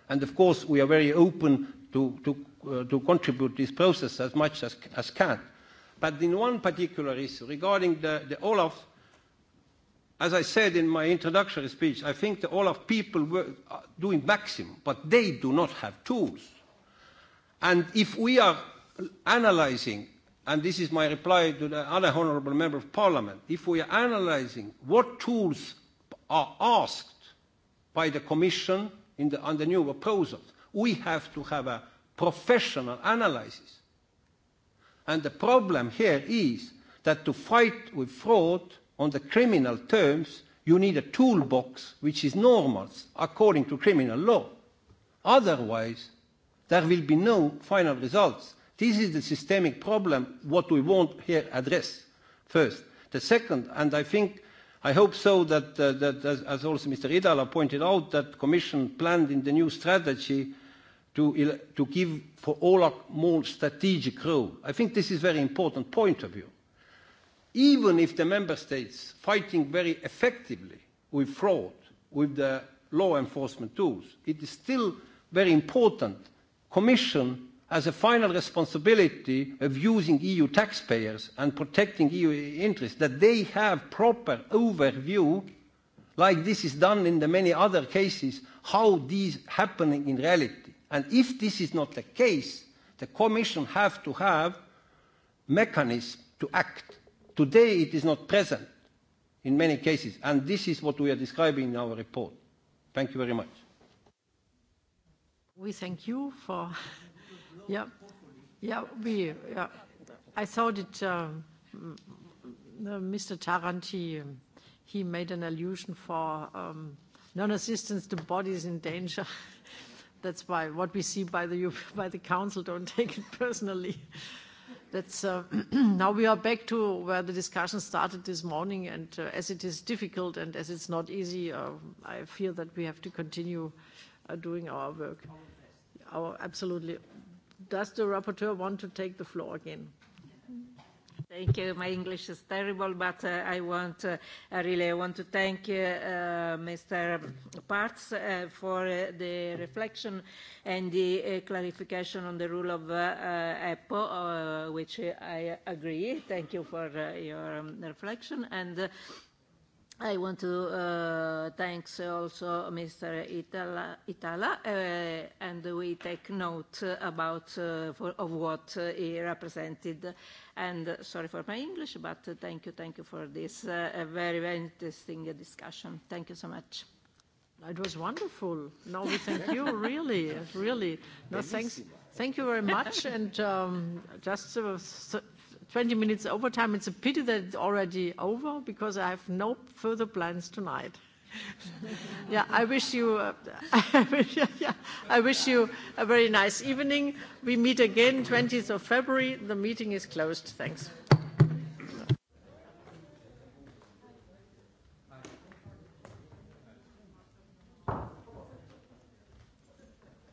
And of course, we are very open to, to, uh, to contribute this process as much as, as can. But in one particular issue, regarding the, the Olaf, as I said in my introductory speech, I think the Olaf people were uh, doing maximum, but they do not have tools. And if we are analyzing and this is my reply to the other honourable member of parliament, if we are analysing what tools are asked by the commission in the, on the new proposals, we have to have a professional analysis. And the problem here is that to fight with fraud on the criminal terms, you need a toolbox which is normal according to criminal law. Otherwise, there will be no final results This is the systemic problem, what we want here address first. The second, and I think, I hope so that, uh, that as, as also Mr. Idala pointed out, that Commission planned in the new strategy to, to give for Olac more strategic role. I think this is very important point of view. Even if the member states fighting very effectively with fraud, with the law enforcement tools, it is still very important Commission as a final responsibility of using EU taxpayers and protecting EU interests, that they have proper overview, like this is done in the many other cases, how these happening in reality. And if this is not the case, the Commission have to have mechanism to act. Today it is not present in many cases, and this is what we are describing in our report. Thank you very much. We thank you for Yeah. Yeah, we, yeah. I thought it, uh, um, Mr. Tarrant, he, um, he made an allusion for um, non-assistance to bodies in danger. That's why what we see by the, by the council, don't take it personally. That's uh, now we are back to where the discussion started this morning, and uh, as it is difficult and as it's not easy, uh, I fear that we have to continue uh, doing our work. Our, oh, oh, absolutely does the rapporteur want to take the floor again? Thank you. My English is terrible, but uh, I want uh, I really I want to thank uh, uh, Mr. Parts uh, for uh, the reflection and the uh, clarification on the rule of uh, uh, EPO, uh, which I agree. Thank you for uh, your um, reflection. And uh, I want to uh, thank also Mr. Itala, Itala uh, and we take note about uh, for, of what uh, he represented. And uh, sorry for my English, but uh, thank you, thank you for this uh, a very, very interesting uh, discussion. Thank you so much. It was wonderful. No, we thank you, really, really. No, thanks. Thank you very much. And um, just uh, 20 minutes overtime. It's a pity that it's already over because I have no further plans tonight. yeah, I wish you, uh, I, wish, yeah, I wish you a very nice evening. We meet again 20th of February. The meeting is closed. Thanks.